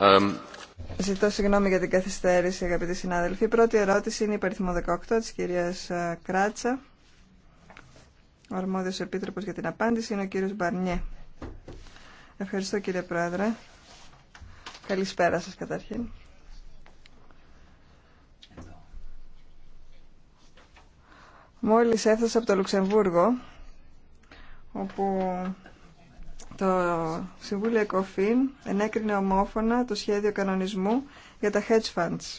Um, Ζητώ συγγνώμη για την καθυστέρηση, αγαπητοί συνάδελφοι. Η πρώτη ερώτηση είναι η παριθμό 18 της κυρίας ε, Κράτσα. Ο αρμόδιος επίτροπος για την απάντηση είναι ο κύριος Μπαρνιέ. Ευχαριστώ κύριε Πρόεδρε. Καλησπέρα σας καταρχήν. Μόλις έφτασα από το Λουξεμβούργο, όπου το Συμβούλιο ΕΚΟΦΗΝ ενέκρινε ομόφωνα το σχέδιο κανονισμού για τα hedge funds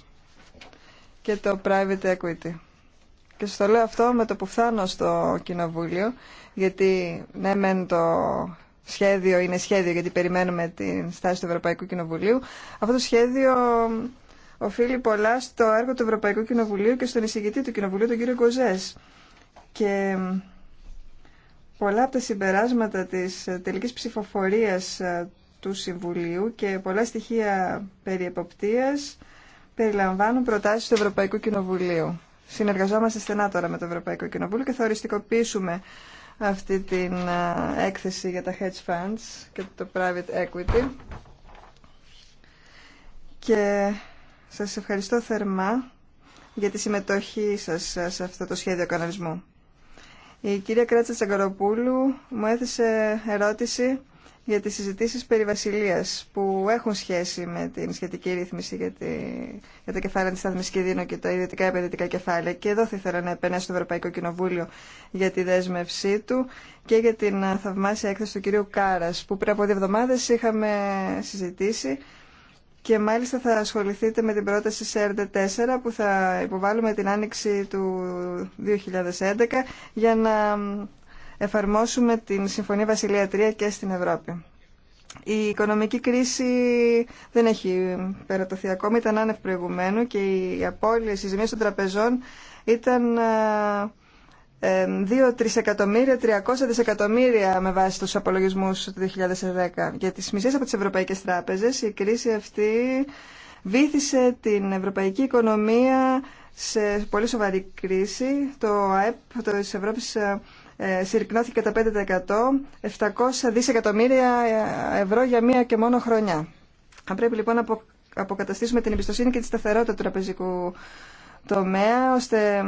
και το private equity. Και σας το λέω αυτό με το που φτάνω στο Κοινοβούλιο, γιατί ναι μεν το σχέδιο είναι σχέδιο γιατί περιμένουμε την στάση του Ευρωπαϊκού Κοινοβουλίου, αυτό το σχέδιο οφείλει πολλά στο έργο του Ευρωπαϊκού Κοινοβουλίου και στον εισηγητή του Κοινοβουλίου, τον κύριο Γκοζές. Και πολλά από τα συμπεράσματα της ε, τελικής ψηφοφορίας ε, του Συμβουλίου και πολλά στοιχεία περί εποπτείας περιλαμβάνουν προτάσεις του Ευρωπαϊκού Κοινοβουλίου. Συνεργαζόμαστε στενά τώρα με το Ευρωπαϊκό Κοινοβούλιο και θα οριστικοποιήσουμε αυτή την ε, έκθεση για τα hedge funds και το private equity. Και σας ευχαριστώ θερμά για τη συμμετοχή σας σε αυτό το σχέδιο κανονισμού. Η κυρία Κράτσα Τσαγκαροπούλου μου έθεσε ερώτηση για τις συζητήσεις περί βασιλείας που έχουν σχέση με την σχετική ρύθμιση για, τη, για τα κεφάλαια της στάθμης Κιδίνου και τα ιδιωτικά επενδυτικά κεφάλαια. Και εδώ θα ήθελα να επενέσω στο Ευρωπαϊκό Κοινοβούλιο για τη δέσμευσή του και για την θαυμάσια έκθεση του κυρίου Κάρας που πριν από δύο εβδομάδες είχαμε συζητήσει και μάλιστα θα ασχοληθείτε με την πρόταση ΣΕΡΔΕ4 που θα υποβάλουμε την άνοιξη του 2011 για να εφαρμόσουμε την Συμφωνία Βασιλεία 3 και στην Ευρώπη. Η οικονομική κρίση δεν έχει περατωθεί ακόμη, ήταν άνευ προηγουμένου και οι απώλειες, οι ζημίες των τραπεζών ήταν ε, 2-3 εκατομμύρια, 300 δισεκατομμύρια με βάση τους απολογισμούς του 2010. Για τις μισές από τις ευρωπαϊκές τράπεζες η κρίση αυτή βήθησε την ευρωπαϊκή οικονομία σε πολύ σοβαρή κρίση. Το ΑΕΠ το της Ευρώπης ε, ε, συρρυκνώθηκε 5%, 700 δισεκατομμύρια ε, ευρώ για μία και μόνο χρονιά. Αν πρέπει λοιπόν να αποκαταστήσουμε την εμπιστοσύνη και τη σταθερότητα του τραπεζικού τομέα, ώστε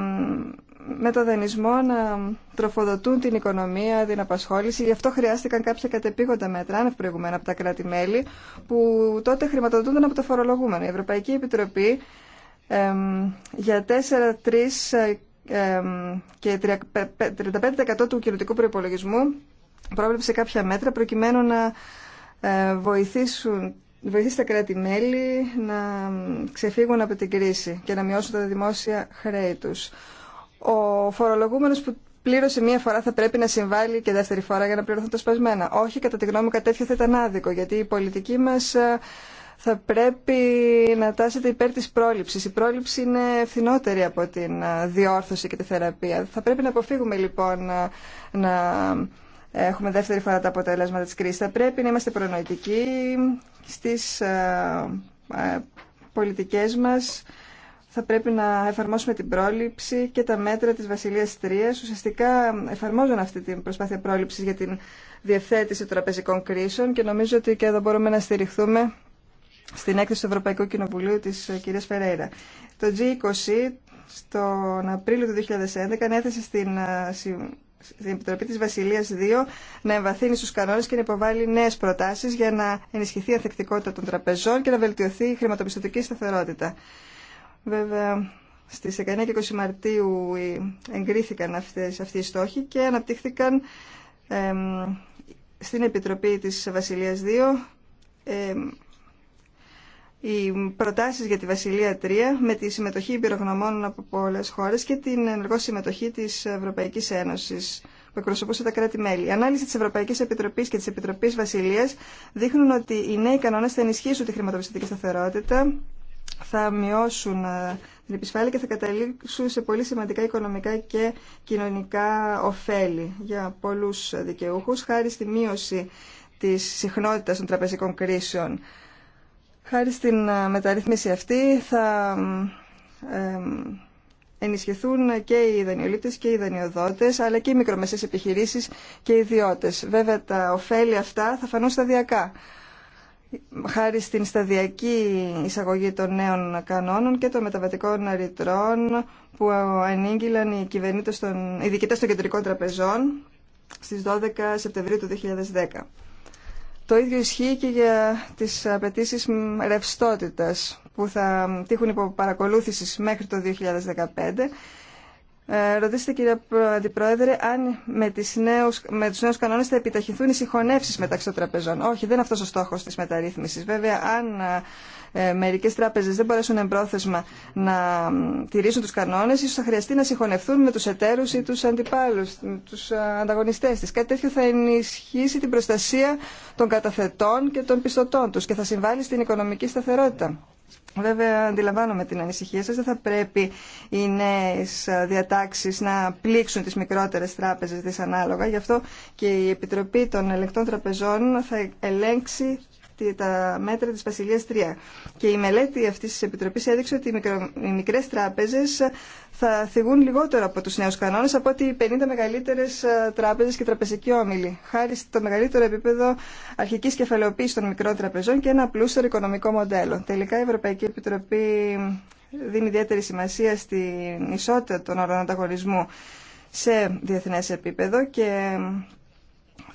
με το δανεισμό να τροφοδοτούν την οικονομία, την απασχόληση. Γι' αυτό χρειάστηκαν κάποια κατεπήγοντα μέτρα, άνευ προηγουμένα από τα κράτη-μέλη, που τότε χρηματοδοτούνταν από το φορολογούμενο. Η Ευρωπαϊκή Επιτροπή εμ, για 4-3 και 35% του κοινωτικού προϋπολογισμού πρόβλεψε κάποια μέτρα προκειμένου να ε, βοηθήσουν βοηθήσει τα κράτη-μέλη να ξεφύγουν από την κρίση και να μειώσουν τα δημόσια χρέη τους ο φορολογούμενος που πλήρωσε μία φορά θα πρέπει να συμβάλλει και δεύτερη φορά για να πληρωθούν τα σπασμένα. Όχι, κατά τη γνώμη μου, κάτι θα ήταν άδικο, γιατί η πολιτική μας ε, θα πρέπει να τάσεται υπέρ της πρόληψης. Η πρόληψη είναι φθηνότερη από την ε, διόρθωση και τη θεραπεία. Θα πρέπει να αποφύγουμε λοιπόν ε, να έχουμε δεύτερη φορά τα αποτελέσματα της κρίσης. Θα πρέπει να είμαστε προνοητικοί στις πολιτικές μας θα πρέπει να εφαρμόσουμε την πρόληψη και τα μέτρα της Βασιλείας 3 ουσιαστικά εφαρμόζουν αυτή την προσπάθεια πρόληψης για την διευθέτηση των τραπεζικών κρίσεων και νομίζω ότι και εδώ μπορούμε να στηριχθούμε στην έκθεση του Ευρωπαϊκού Κοινοβουλίου της ε, κυρίας Φερέιρα. Το G20 στον Απρίλιο του 2011 έθεσε στην, ε, στην Επιτροπή της Βασιλείας 2 να εμβαθύνει στους κανόνες και να υποβάλει νέες προτάσεις για να ενισχυθεί η ανθεκτικότητα των τραπεζών και να βελτιωθεί η χρηματοπιστωτική σταθερότητα. Βέβαια, στις 19 και 20 Μαρτίου εγκρίθηκαν αυτές, αυτοί οι στόχοι και αναπτύχθηκαν στην Επιτροπή της Βασιλείας 2 οι προτάσεις για τη Βασιλεία 3 με τη συμμετοχή υπηρογνωμών από πολλές χώρες και την ενεργό συμμετοχή της Ευρωπαϊκής Ένωσης που εκπροσωπούσε τα κράτη-μέλη. Η ανάλυση τη Ευρωπαϊκή Επιτροπή και τη Επιτροπή Βασιλεία δείχνουν ότι οι νέοι κανόνε θα ενισχύσουν τη χρηματοπιστωτική σταθερότητα, θα μειώσουν ε, την επισφάλεια και θα καταλήξουν σε πολύ σημαντικά οικονομικά και κοινωνικά ωφέλη για πολλούς δικαιούχους, χάρη στη μείωση της συχνότητας των τραπεζικών κρίσεων. Χάρη στην ε, μεταρρύθμιση αυτή θα ε, ενισχυθούν και οι δανειολήπτες και οι δανειοδότες, αλλά και οι μικρομεσαίες επιχειρήσεις και οι ιδιώτες. Βέβαια τα ωφέλη αυτά θα φανούν σταδιακά χάρη στην σταδιακή εισαγωγή των νέων κανόνων και των μεταβατικών ρητρών που ανήγγυλαν οι, των, οι διοικητές των κεντρικών τραπεζών στις 12 Σεπτεμβρίου του 2010. Το ίδιο ισχύει και για τις απαιτήσει ρευστότητας που θα τύχουν υπό παρακολούθηση μέχρι το 2015 ε, ρωτήστε κύριε Αντιπρόεδρε αν με, τις νέους, με τους νέους κανόνες θα επιταχυνθούν οι συγχωνεύσεις μεταξύ των τραπεζών. Όχι, δεν είναι αυτός ο στόχος της μεταρρύθμισης. Βέβαια, αν ε, μερικές τράπεζες δεν μπορέσουν εμπρόθεσμα να τηρήσουν τους κανόνες, ίσως θα χρειαστεί να συγχωνευτούν με τους εταίρους ή τους αντιπάλους, τους ε, ανταγωνιστές της. Κάτι τέτοιο θα ενισχύσει την προστασία των καταθετών και των πιστωτών τους και θα συμβάλλει στην οικονομική σταθερότητα. Βέβαια, αντιλαμβάνομαι την ανησυχία σας. Δεν θα πρέπει οι νέες διατάξεις να πλήξουν τις μικρότερες τράπεζες δυσανάλογα. Γι' αυτό και η Επιτροπή των Ελεκτών Τραπεζών θα ελέγξει τα μέτρα της Βασιλείας 3. Και η μελέτη αυτής της Επιτροπής έδειξε ότι οι μικρές τράπεζες ε, θα θυγούν λιγότερο από τους νέους κανόνες από ότι οι 50 μεγαλύτερες ε, τράπεζες και τραπεζικοί όμιλοι, χάρη στο μεγαλύτερο επίπεδο αρχικής κεφαλαιοποίησης των μικρών τραπεζών και ένα πλούσιο οικονομικό μοντέλο. Τελικά η Ευρωπαϊκή Επιτροπή δίνει ιδιαίτερη σημασία στην ισότητα των όρων ανταγωνισμού σε διεθνές επίπεδο και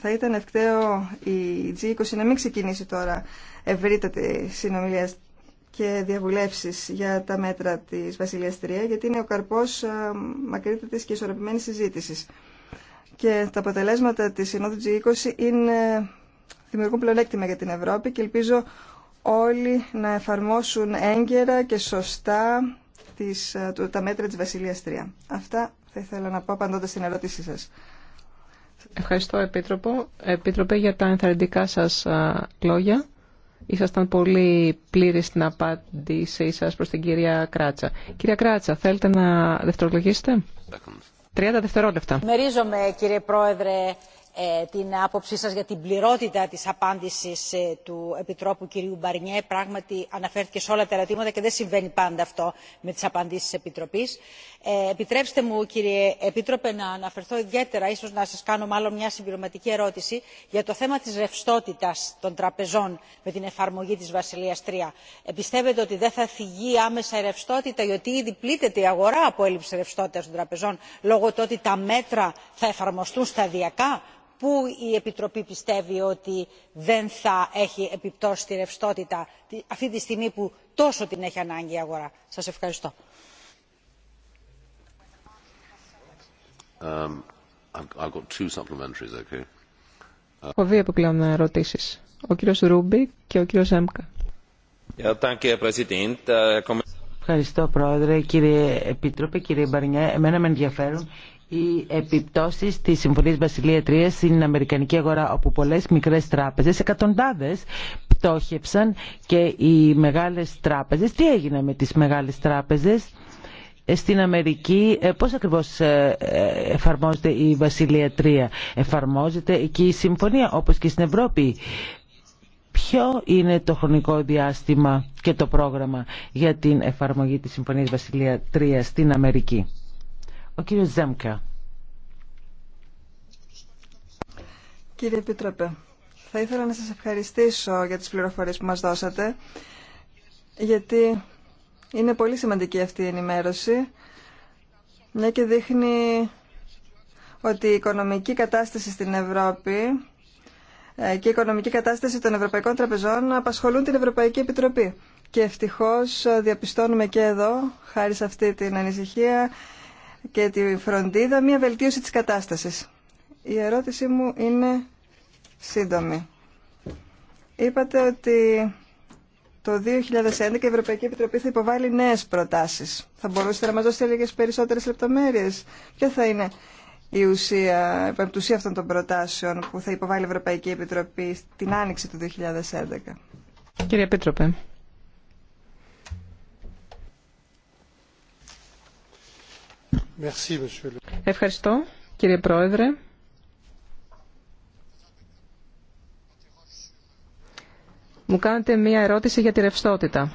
θα ήταν ευκταίο η G20 να μην ξεκινήσει τώρα ευρύτατη συνομιλία και διαβουλεύσεις για τα μέτρα της Βασιλείας 3, γιατί είναι ο καρπός ε, μακρύτατης και ισορροπημένης συζήτησης. Και τα αποτελέσματα της Συνόδου G20 είναι, δημιουργούν πλεονέκτημα για την Ευρώπη και ελπίζω όλοι να εφαρμόσουν έγκαιρα και σωστά τις, ε, τα μέτρα της Βασιλείας 3. Αυτά θα ήθελα να πω απαντώντας στην ερώτησή σας. Ευχαριστώ, Επίτροπο. Επίτροπε, για τα ενθαρρυντικά σας λόγια. Ήσασταν πολύ πλήρης στην απάντησή σας προς την κυρία Κράτσα. Κυρία Κράτσα, θέλετε να δευτερολογήσετε. 30 δευτερόλεπτα. Μερίζομαι, κύριε Πρόεδρε, ε, την άποψή σας για την πληρότητα της απάντησης ε, του επιτρόπου κύριου Μπαρνιέ. Πράγματι αναφέρθηκε σε όλα τα ερωτήματα και δεν συμβαίνει πάντα αυτό με τις απαντήσεις της Επιτροπής. Ε, επιτρέψτε μου κύριε Επίτροπε να αναφερθώ ιδιαίτερα, ίσως να σας κάνω μάλλον μια συμπληρωματική ερώτηση για το θέμα της ρευστότητα των τραπεζών με την εφαρμογή της Βασιλείας 3. Πιστεύετε ότι δεν θα θυγεί άμεσα η ρευστότητα γιατί ήδη πλήττεται η αγορά από έλλειψη ρευστότητα των τραπεζών λόγω του ότι τα μέτρα θα εφαρμοστούν σταδιακά που η επιτροπή πιστεύει ότι δεν θα έχει επιπτώσει τη ρευστότητα αυτή τη στιγμή που τόσο την έχει ανάγκη η αγορά. σας ευχαριστώ. Um, uh, Έχω δύο επιπλέον ερωτήσει. Ο κύριος Ρούμπι και ο κύριος Έμκα. Äh, ευχαριστώ πρόεδρε, κύριε Επίτροπε, κύριε Μπαρνιέ. Εμένα με ενδιαφέρουν οι επιπτώσει τη Συμφωνία Βασιλεία 3 στην Αμερικανική αγορά, όπου πολλέ μικρέ τράπεζε, εκατοντάδε, πτώχευσαν και οι μεγάλε τράπεζε. Τι έγινε με τι μεγάλε τράπεζε ε, στην Αμερική ε, πώ ακριβώ ε, εφαρμόζεται η Βασιλεία 3. Εφαρμόζεται εκεί η συμφωνία όπως και στην Ευρώπη. Ποιο είναι το χρονικό διάστημα και το πρόγραμμα για την εφαρμογή της Συμφωνίας Βασιλεία 3 στην Αμερική. Ο κύριος Ζέμκα. Κύριε Επίτροπε, θα ήθελα να σας ευχαριστήσω για τις πληροφορίες που μας δώσατε, γιατί είναι πολύ σημαντική αυτή η ενημέρωση, μια και δείχνει ότι η οικονομική κατάσταση στην Ευρώπη ε, και η οικονομική κατάσταση των Ευρωπαϊκών Τραπεζών απασχολούν την Ευρωπαϊκή Επιτροπή. Και ευτυχώς ε, διαπιστώνουμε και εδώ, χάρη σε αυτή την ανησυχία, και τη φροντίδα μια βελτίωση της κατάστασης. Η ερώτησή μου είναι σύντομη. Είπατε ότι το 2011 η Ευρωπαϊκή Επιτροπή θα υποβάλει νέες προτάσεις. Θα μπορούσατε να μας δώσετε λίγες περισσότερες λεπτομέρειες. Ποια θα είναι η ουσία, η ουσία αυτών των προτάσεων που θα υποβάλει η Ευρωπαϊκή Επιτροπή την άνοιξη του 2011. Κύριε Επίτροπε, Ευχαριστώ, κύριε Πρόεδρε. Μου κάνετε μία ερώτηση για τη ρευστότητα.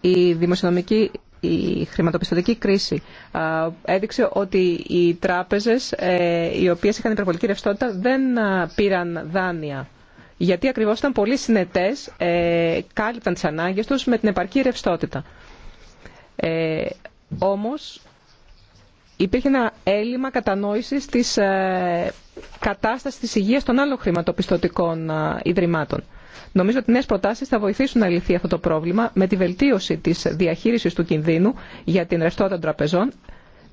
Η δημοσιονομική, η χρηματοπιστωτική κρίση έδειξε ότι οι τράπεζες ε, οι οποίες είχαν υπερβολική ρευστότητα δεν πήραν δάνεια. Γιατί ακριβώς ήταν πολύ συνετές, ε, κάλυπταν τις ανάγκες τους με την επαρκή ρευστότητα. Ε, όμως υπήρχε ένα έλλειμμα κατανόησης της ε, κατάστασης της υγείας των άλλων χρηματοπιστωτικών ε, ιδρυμάτων. Νομίζω ότι νέε προτάσεις θα βοηθήσουν να λυθεί αυτό το πρόβλημα με τη βελτίωση της διαχείρισης του κινδύνου για την ρευστότητα των τραπεζών,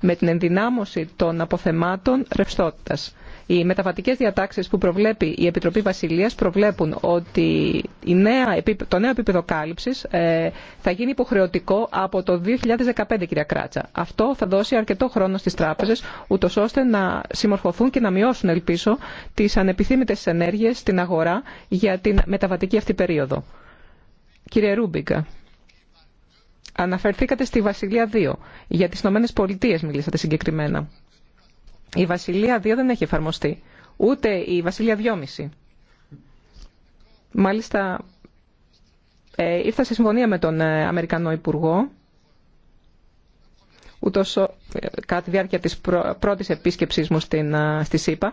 με την ενδυνάμωση των αποθεμάτων ρευστότητας. Οι μεταβατικές διατάξεις που προβλέπει η Επιτροπή Βασιλείας προβλέπουν ότι η νέα, το νέο επίπεδο κάλυψης ε, θα γίνει υποχρεωτικό από το 2015, κυρία Κράτσα. Αυτό θα δώσει αρκετό χρόνο στις τράπεζες, ούτω ώστε να συμμορφωθούν και να μειώσουν, ελπίζω, τις ανεπιθύμητες ενέργειες στην αγορά για την μεταβατική αυτή περίοδο. Κύριε Ρούμπικα, Αναφερθήκατε στη Βασιλεία 2. Για τις Ηνωμένε Πολιτείε μιλήσατε συγκεκριμένα. Η Βασιλεία 2 δεν έχει εφαρμοστεί. Ούτε η Βασιλεία 2,5. Μάλιστα, ε, ήρθα σε συμφωνία με τον ε, Αμερικανό Υπουργό, ούτως ε, κατά τη διάρκεια της πρώτης επίσκεψής μου στην, ε, στη ΣΥΠΑ,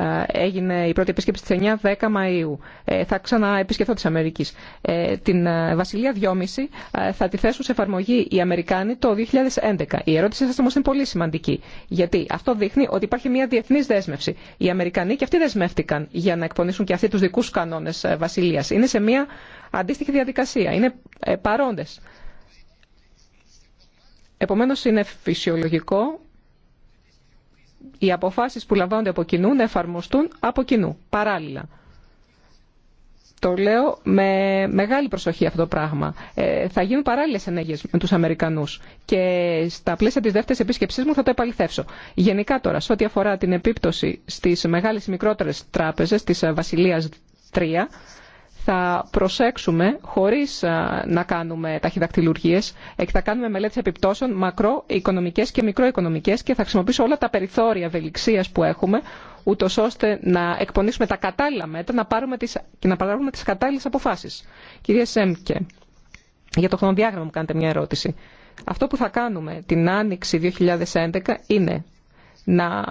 ε, έγινε η πρώτη επίσκεψη τη 9-10 Μαΐου. Ε, θα ξαναεπισκεφθώ της Αμερικής. Ε, την Βασιλεία 2,5 θα τη θέσουν σε εφαρμογή οι Αμερικάνοι το 2011. Η ερώτησή σας όμως είναι πολύ σημαντική. Γιατί αυτό δείχνει ότι υπάρχει μια διεθνής δέσμευση. Οι Αμερικανοί και αυτοί δεσμεύτηκαν για να εκπονήσουν και αυτοί τους δικούς κανόνες Βασιλείας. Είναι σε μια αντίστοιχη διαδικασία. Είναι παρόντες. Επομένως είναι φυσιολογικό οι αποφάσεις που λαμβάνονται από κοινού να εφαρμοστούν από κοινού, παράλληλα. Το λέω με μεγάλη προσοχή αυτό το πράγμα. Ε, θα γίνουν παράλληλες ενέργειες με τους Αμερικανούς και στα πλαίσια της δεύτερης επίσκεψής μου θα το επαληθεύσω. Γενικά τώρα, σε ό,τι αφορά την επίπτωση στις μεγάλες ή μικρότερες τράπεζες της ε, Βασιλείας 3, θα προσέξουμε, χωρίς να κάνουμε ταχυδακτηλουργίες, και θα κάνουμε μελέτες επιπτώσεων μακροοικονομικές και μικροοικονομικές και θα χρησιμοποιήσω όλα τα περιθώρια ευελιξίας που έχουμε, ούτω ώστε να εκπονήσουμε τα κατάλληλα μέτρα να πάρουμε τις, και να παράγουμε τις κατάλληλες αποφάσεις. Κυρία Σέμκε, για το χρονοδιάγραμμα μου κάνετε μια ερώτηση. Αυτό που θα κάνουμε την Άνοιξη 2011 είναι να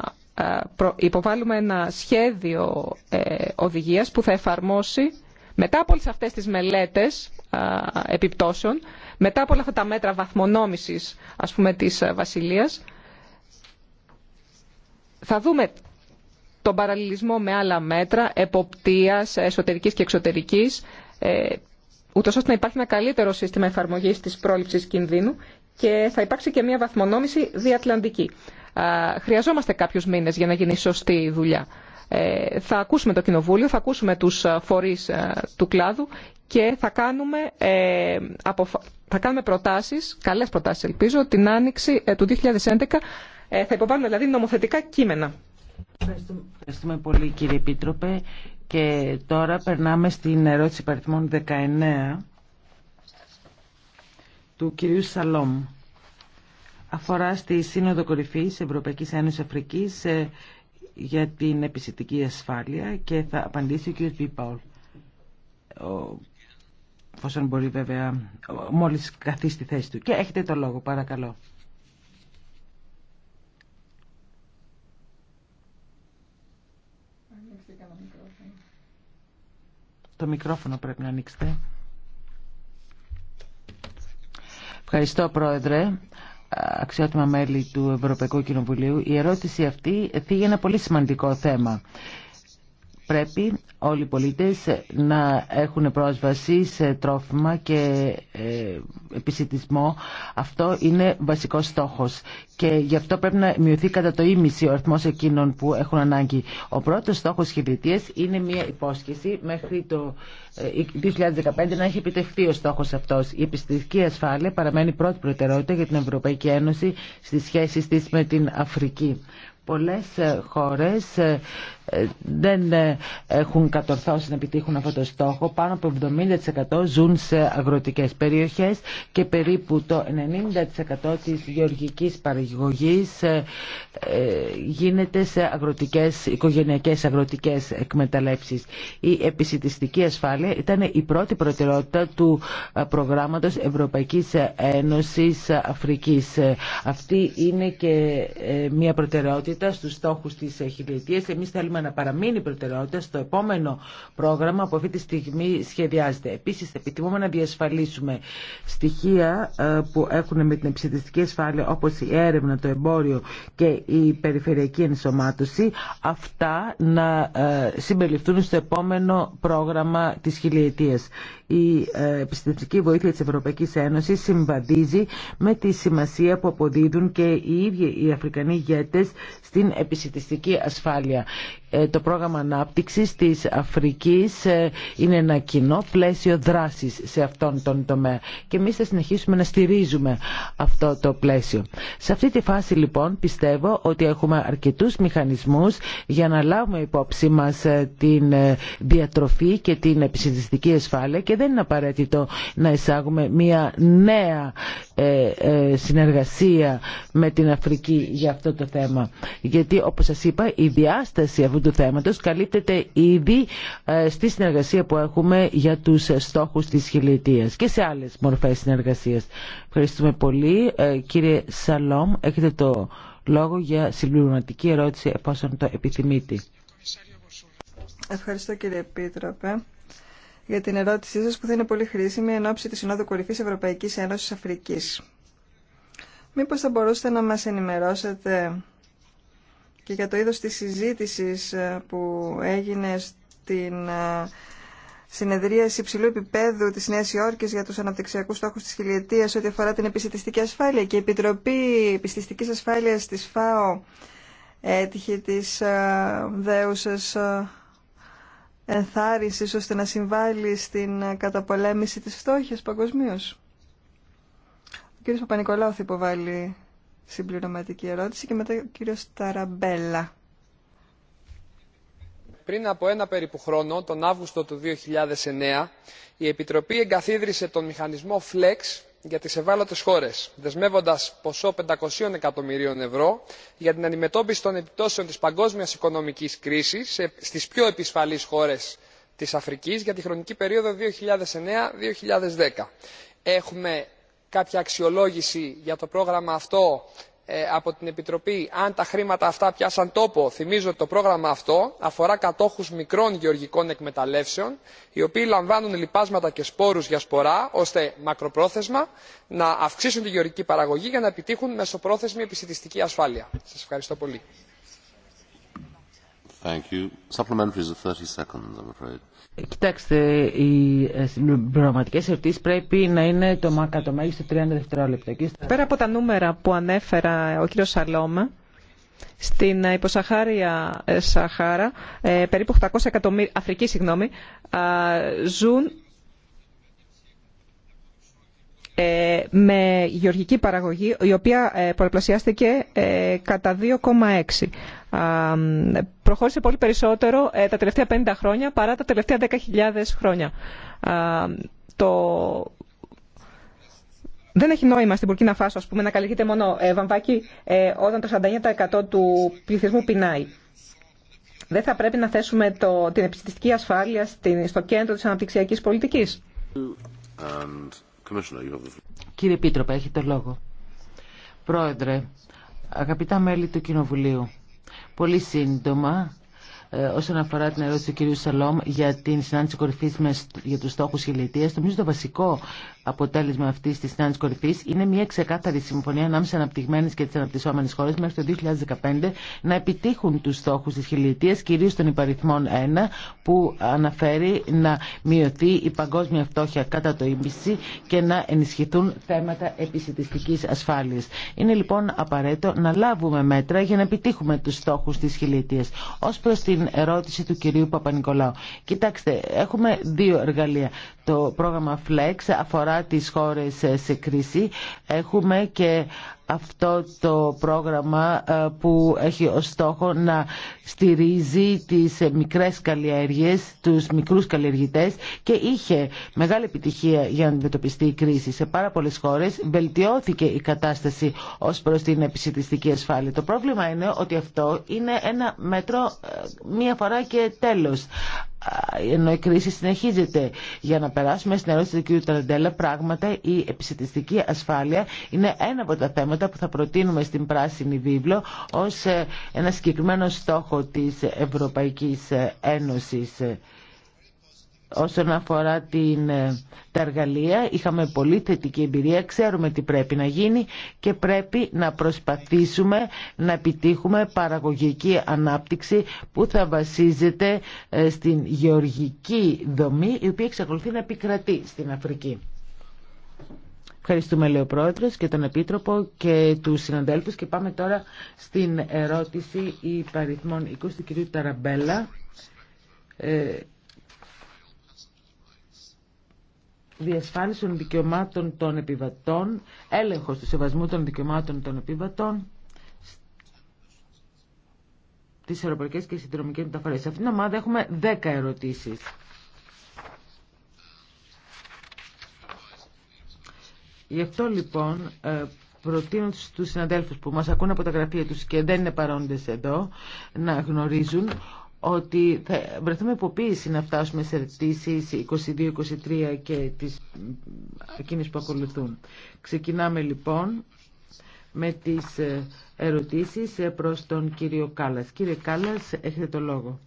υποβάλουμε ένα σχέδιο ε, οδηγίας που θα εφαρμόσει μετά από όλες αυτές τις μελέτες επιπτώσεων, μετά από όλα αυτά τα μέτρα βαθμονόμησης ας πούμε, της ε, Βασιλείας, θα δούμε τον παραλληλισμό με άλλα μέτρα εποπτείας εσωτερικής και εξωτερικής, ε, ούτως ώστε να υπάρχει ένα καλύτερο σύστημα εφαρμογής της πρόληψης κινδύνου και θα υπάρξει και μια βαθμονόμηση διατλαντική. Χρειαζόμαστε κάποιους μήνες για να γίνει σωστή η δουλειά. Ε, θα ακούσουμε το Κοινοβούλιο, θα ακούσουμε τους ε, φορείς ε, του κλάδου και θα κάνουμε, θα κάνουμε προτάσεις, καλές προτάσεις ελπίζω, την άνοιξη του 2011. Θα υποβάλουμε δηλαδή νομοθετικά κείμενα. Ευχαριστούμε, πολύ κύριε Επίτροπε. Και τώρα περνάμε στην ερώτηση παριθμών 19 του κυρίου Σαλόμ. Αφορά στη Σύνοδο Κορυφής Ευρωπαϊκής Ένωσης Αφρικής για την επιστημική ασφάλεια και θα απαντήσει ο κ. Πίπαουλ. Φόσον μπορεί βέβαια, μόλις καθίσει στη θέση του. Και έχετε το λόγο, παρακαλώ. Το μικρόφωνο πρέπει να ανοίξετε. Ευχαριστώ, Πρόεδρε αξιότιμα μέλη του Ευρωπαϊκού Κοινοβουλίου, η ερώτηση αυτή θίγει ένα πολύ σημαντικό θέμα πρέπει όλοι οι πολίτες να έχουν πρόσβαση σε τρόφιμα και ε, επισητισμό. Αυτό είναι βασικός στόχος και γι' αυτό πρέπει να μειωθεί κατά το ίμιση ο αριθμός εκείνων που έχουν ανάγκη. Ο πρώτος στόχος σχεδιτίας είναι μια υπόσχεση μέχρι το 2015 ε, να έχει επιτευχθεί ο στόχος αυτός. Η επιστημική ασφάλεια παραμένει πρώτη προτεραιότητα για την Ευρωπαϊκή Ένωση στις σχέσεις της με την Αφρική. Πολλές ε, χώρες ε, δεν ε, έχουν κατορθώσει να επιτύχουν αυτό το στόχο. Πάνω από 70% ζουν σε αγροτικές περιοχές και περίπου το 90% της γεωργικής παραγωγής ε, γίνεται σε αγροτικές, οικογενειακές αγροτικές εκμεταλλεύσεις. Η επισητιστική ασφάλεια ήταν η πρώτη προτεραιότητα του προγράμματος Ευρωπαϊκής Ένωσης Αφρικής. Αυτή είναι και μια προτεραιότητα στους στόχους της χιλιετίας. Εμείς θέλουμε να παραμείνει προτεραιότητα στο επόμενο πρόγραμμα που αυτή τη στιγμή σχεδιάζεται. Επίση, επιθυμούμε να διασφαλίσουμε στοιχεία ε, που έχουν με την επιστημιστική ασφάλεια, όπω η έρευνα, το εμπόριο και η περιφερειακή ενσωμάτωση, αυτά να ε, συμπεριληφθούν στο επόμενο πρόγραμμα τη χιλιετία η ε, επιστημονική βοήθεια της Ευρωπαϊκής Ένωσης συμβαδίζει με τη σημασία που αποδίδουν και οι ίδιοι οι Αφρικανοί ηγέτες στην επιστημιστική ασφάλεια. Ε, το πρόγραμμα ανάπτυξης της Αφρικής ε, είναι ένα κοινό πλαίσιο δράσης σε αυτόν τον τομέα και εμείς θα συνεχίσουμε να στηρίζουμε αυτό το πλαίσιο. Σε αυτή τη φάση λοιπόν πιστεύω ότι έχουμε αρκετούς μηχανισμούς για να λάβουμε υπόψη μας την διατροφή και την επιστημιστική ασφάλεια δεν είναι απαραίτητο να εισάγουμε μια νέα ε, ε, συνεργασία με την Αφρική για αυτό το θέμα. Γιατί όπως σας είπα η διάσταση αυτού του θέματος καλύπτεται ήδη ε, στη συνεργασία που έχουμε για τους στόχους της χιλιετίας και σε άλλες μορφές συνεργασίας. Ευχαριστούμε πολύ. Κύριε Σαλόμ, έχετε το λόγο για συμπληρωματική ερώτηση εφόσον το επιθυμείτε. Ευχαριστώ κύριε Επίτροπε για την ερώτησή σας που θα είναι πολύ χρήσιμη εν ώψη της Συνόδου Κορυφής Ευρωπαϊκής Ένωσης Αφρικής. Μήπως θα μπορούσατε να μας ενημερώσετε και για το είδος της συζήτησης ε, που έγινε στην ε, συνεδρίαση υψηλού επίπεδου της Νέας Υόρκης για τους αναπτυξιακούς στόχους της χιλιετίας ό,τι αφορά την επιστηστική ασφάλεια και η Επιτροπή Επιστηστικής Ασφάλειας της ΦΑΟ έτυχε της ε, δέουσας ενθάρρυνσης ώστε να συμβάλλει στην καταπολέμηση της φτώχειας παγκοσμίω. Ο κύριος Παπα-Νικολάου θα υποβάλει συμπληρωματική ερώτηση και μετά ο κύριος Ταραμπέλα. Πριν από ένα περίπου χρόνο, τον Αύγουστο του 2009, η Επιτροπή εγκαθίδρυσε τον μηχανισμό FLEX για τις ευάλωτε χώρες δεσμεύοντα ποσό 500 εκατομμυρίων ευρώ για την αντιμετώπιση των επιπτώσεων της παγκόσμιας οικονομικής κρίσης στις πιο επισφαλείς χώρες της αφρικής για τη χρονική περίοδο. περίοδο 2009-2010. έχουμε κάποια αξιολόγηση για το πρόγραμμα αυτό ε, από την επιτροπή αν τα χρήματα αυτά πιάσαν τόπο θυμίζω ότι το πρόγραμμα αυτό αφορά κατόχους μικρών γεωργικών εκμεταλλεύσεων οι οποίοι λαμβάνουν λιπάσματα και σπόρους για σπορά ώστε μακροπρόθεσμα να αυξήσουν τη γεωργική παραγωγή για να επιτύχουν μεσοπρόθεσμη επισητιστική ασφάλεια. σας ευχαριστώ πολύ. Ε, κοιτάξτε, οι ε, πραγματικέ ερωτήσει πρέπει να είναι το μακατομέγιστο 30 δευτερόλεπτα. Πέρα από τα νούμερα που ανέφερα ο κύριο Σαλόμα, στην ε, υποσαχάρια Σαχάρα, περίπου 800 εκατομμύρια, Αφρική συγγνώμη, ζουν ε, με γεωργική παραγωγή η οποία ε, πολλαπλασιάστηκε ε, κατά 2,6. Προχώρησε πολύ περισσότερο τα τελευταία 50 χρόνια παρά τα τελευταία 10.000 χρόνια. Το... Δεν έχει νόημα στην Πουρκίνα Φάσο ας πούμε, να καλλιεργείται μόνο βαμβάκι όταν το 49% του πληθυσμού πεινάει. Δεν θα πρέπει να θέσουμε το, την επιστημιστική ασφάλεια στην, στο κέντρο της αναπτυξιακής πολιτικής. Κύριε Επίτροπε, έχετε λόγο. Πρόεδρε, αγαπητά μέλη του Κοινοβουλίου, πολύ σύντομα ε, όσον αφορά την ερώτηση του κ. Σαλόμ για την συνάντηση κορυφή για του στόχου χιλιετία, νομίζω το βασικό αποτέλεσμα αυτή τη συνάντηση κορυφή είναι μια ξεκάθαρη συμφωνία ανάμεσα αναπτυγμένε και τι αναπτυσσόμενε χώρε μέχρι το 2015 να επιτύχουν του στόχου τη χιλιετία, κυρίω των υπαριθμών 1, που αναφέρει να μειωθεί η παγκόσμια φτώχεια κατά το ίμιση και να ενισχυθούν θέματα επισητιστική ασφάλεια. Είναι λοιπόν απαραίτητο να λάβουμε μέτρα για να επιτύχουμε του στόχου τη χιλιετία την ερώτηση του κυρίου Παπα-Νικολάου. Κοιτάξτε, έχουμε δύο εργαλεία. Το πρόγραμμα Flex αφορά τις χώρες σε κρίση. Έχουμε και αυτό το πρόγραμμα ε, που έχει ως στόχο να στηρίζει τις μικρές καλλιέργειες, τους μικρούς καλλιεργητές και είχε μεγάλη επιτυχία για να αντιμετωπιστεί η κρίση. Σε πάρα πολλές χώρες βελτιώθηκε η κατάσταση ως προς την επισητιστική ασφάλεια. Το πρόβλημα είναι ότι αυτό είναι ένα μέτρο ε, μία φορά και τέλος ενώ η κρίση συνεχίζεται. Για να περάσουμε στην ερώτηση του κ. Ταραντέλα, πράγματα, η επιστημιστική ασφάλεια είναι ένα από τα θέματα που θα προτείνουμε στην Πράσινη Βίβλο ως ε, ένα συγκεκριμένο στόχο της Ευρωπαϊκής ε, Ένωσης όσον αφορά την, ε, τα εργαλεία. Είχαμε πολύ θετική εμπειρία, ξέρουμε τι πρέπει να γίνει και πρέπει να προσπαθήσουμε να επιτύχουμε παραγωγική ανάπτυξη που θα βασίζεται ε, στην γεωργική δομή η οποία εξακολουθεί να επικρατεί στην Αφρική. Ευχαριστούμε λέει ο Πρόεδρος και τον Επίτροπο και τους συναντέλφους και πάμε τώρα στην ερώτηση υπαριθμών 20 του κ. Ταραμπέλα. Ε, διασφάλιση των δικαιωμάτων των επιβατών, έλεγχος του σεβασμού των δικαιωμάτων των επιβατών τις αεροπορικές και συνδρομικές μεταφορές. Σε αυτήν την ομάδα έχουμε 10 ερωτήσεις. Γι' αυτό λοιπόν ε, προτείνω στους συναδέλφους που μας ακούν από τα γραφεία τους και δεν είναι παρόντες εδώ να γνωρίζουν ότι θα βρεθούμε υποποίηση να φτάσουμε σε ερωτήσει 22-23 και τις εκείνες που ακολουθούν. Ξεκινάμε λοιπόν με τις ε, ερωτήσεις ε, προς τον κύριο Κάλλας. Κύριε Κάλλας, έχετε το λόγο.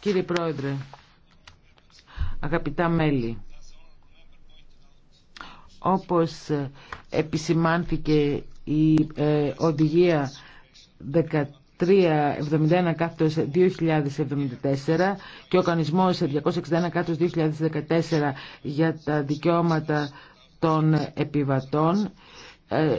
Κύριε Πρόεδρε, αγαπητά μέλη, όπως ε, επισημάνθηκε η ε, οδηγία 1371 κάθετος 2074 και ο κανονισμός 261 κάθετος 2014 για τα δικαιώματα των επιβατών ε,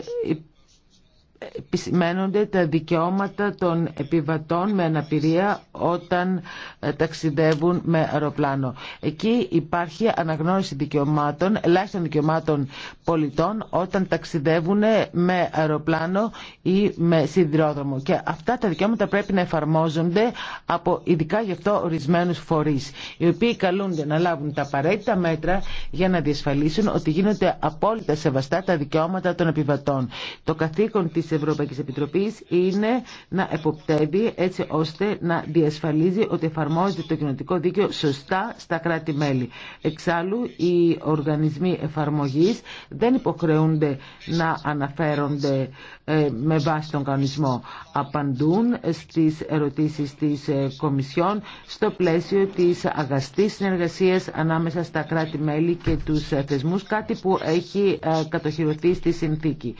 επισημένονται τα δικαιώματα των επιβατών με αναπηρία όταν ε, ταξιδεύουν με αεροπλάνο. Εκεί υπάρχει αναγνώριση δικαιωμάτων, ελάχιστων δικαιωμάτων πολιτών όταν ταξιδεύουν με αεροπλάνο ή με σιδηρόδρομο. Και αυτά τα δικαιώματα πρέπει να εφαρμόζονται από ειδικά γι' αυτό ορισμένους φορείς, οι οποίοι καλούνται να λάβουν τα απαραίτητα μέτρα για να διασφαλίσουν ότι γίνονται απόλυτα σεβαστά τα δικαιώματα των επιβατών. Το καθήκον της Ευρωπαϊκής Επιτροπής είναι να εποπτεύει έτσι ώστε να διασφαλίζει ότι εφαρμόζεται το κοινοτικό δίκαιο σωστά στα κράτη-μέλη. Εξάλλου, οι οργανισμοί εφαρμογής δεν υποχρεούνται να αναφέρονται ε, με βάση τον κανονισμό. Απαντούν στις ερωτήσεις της ε, Κομισιόν στο πλαίσιο της αγαστής συνεργασίας ανάμεσα στα κράτη-μέλη και τους ε, θεσμούς, κάτι που έχει κατοχυρωθεί στη συνθήκη.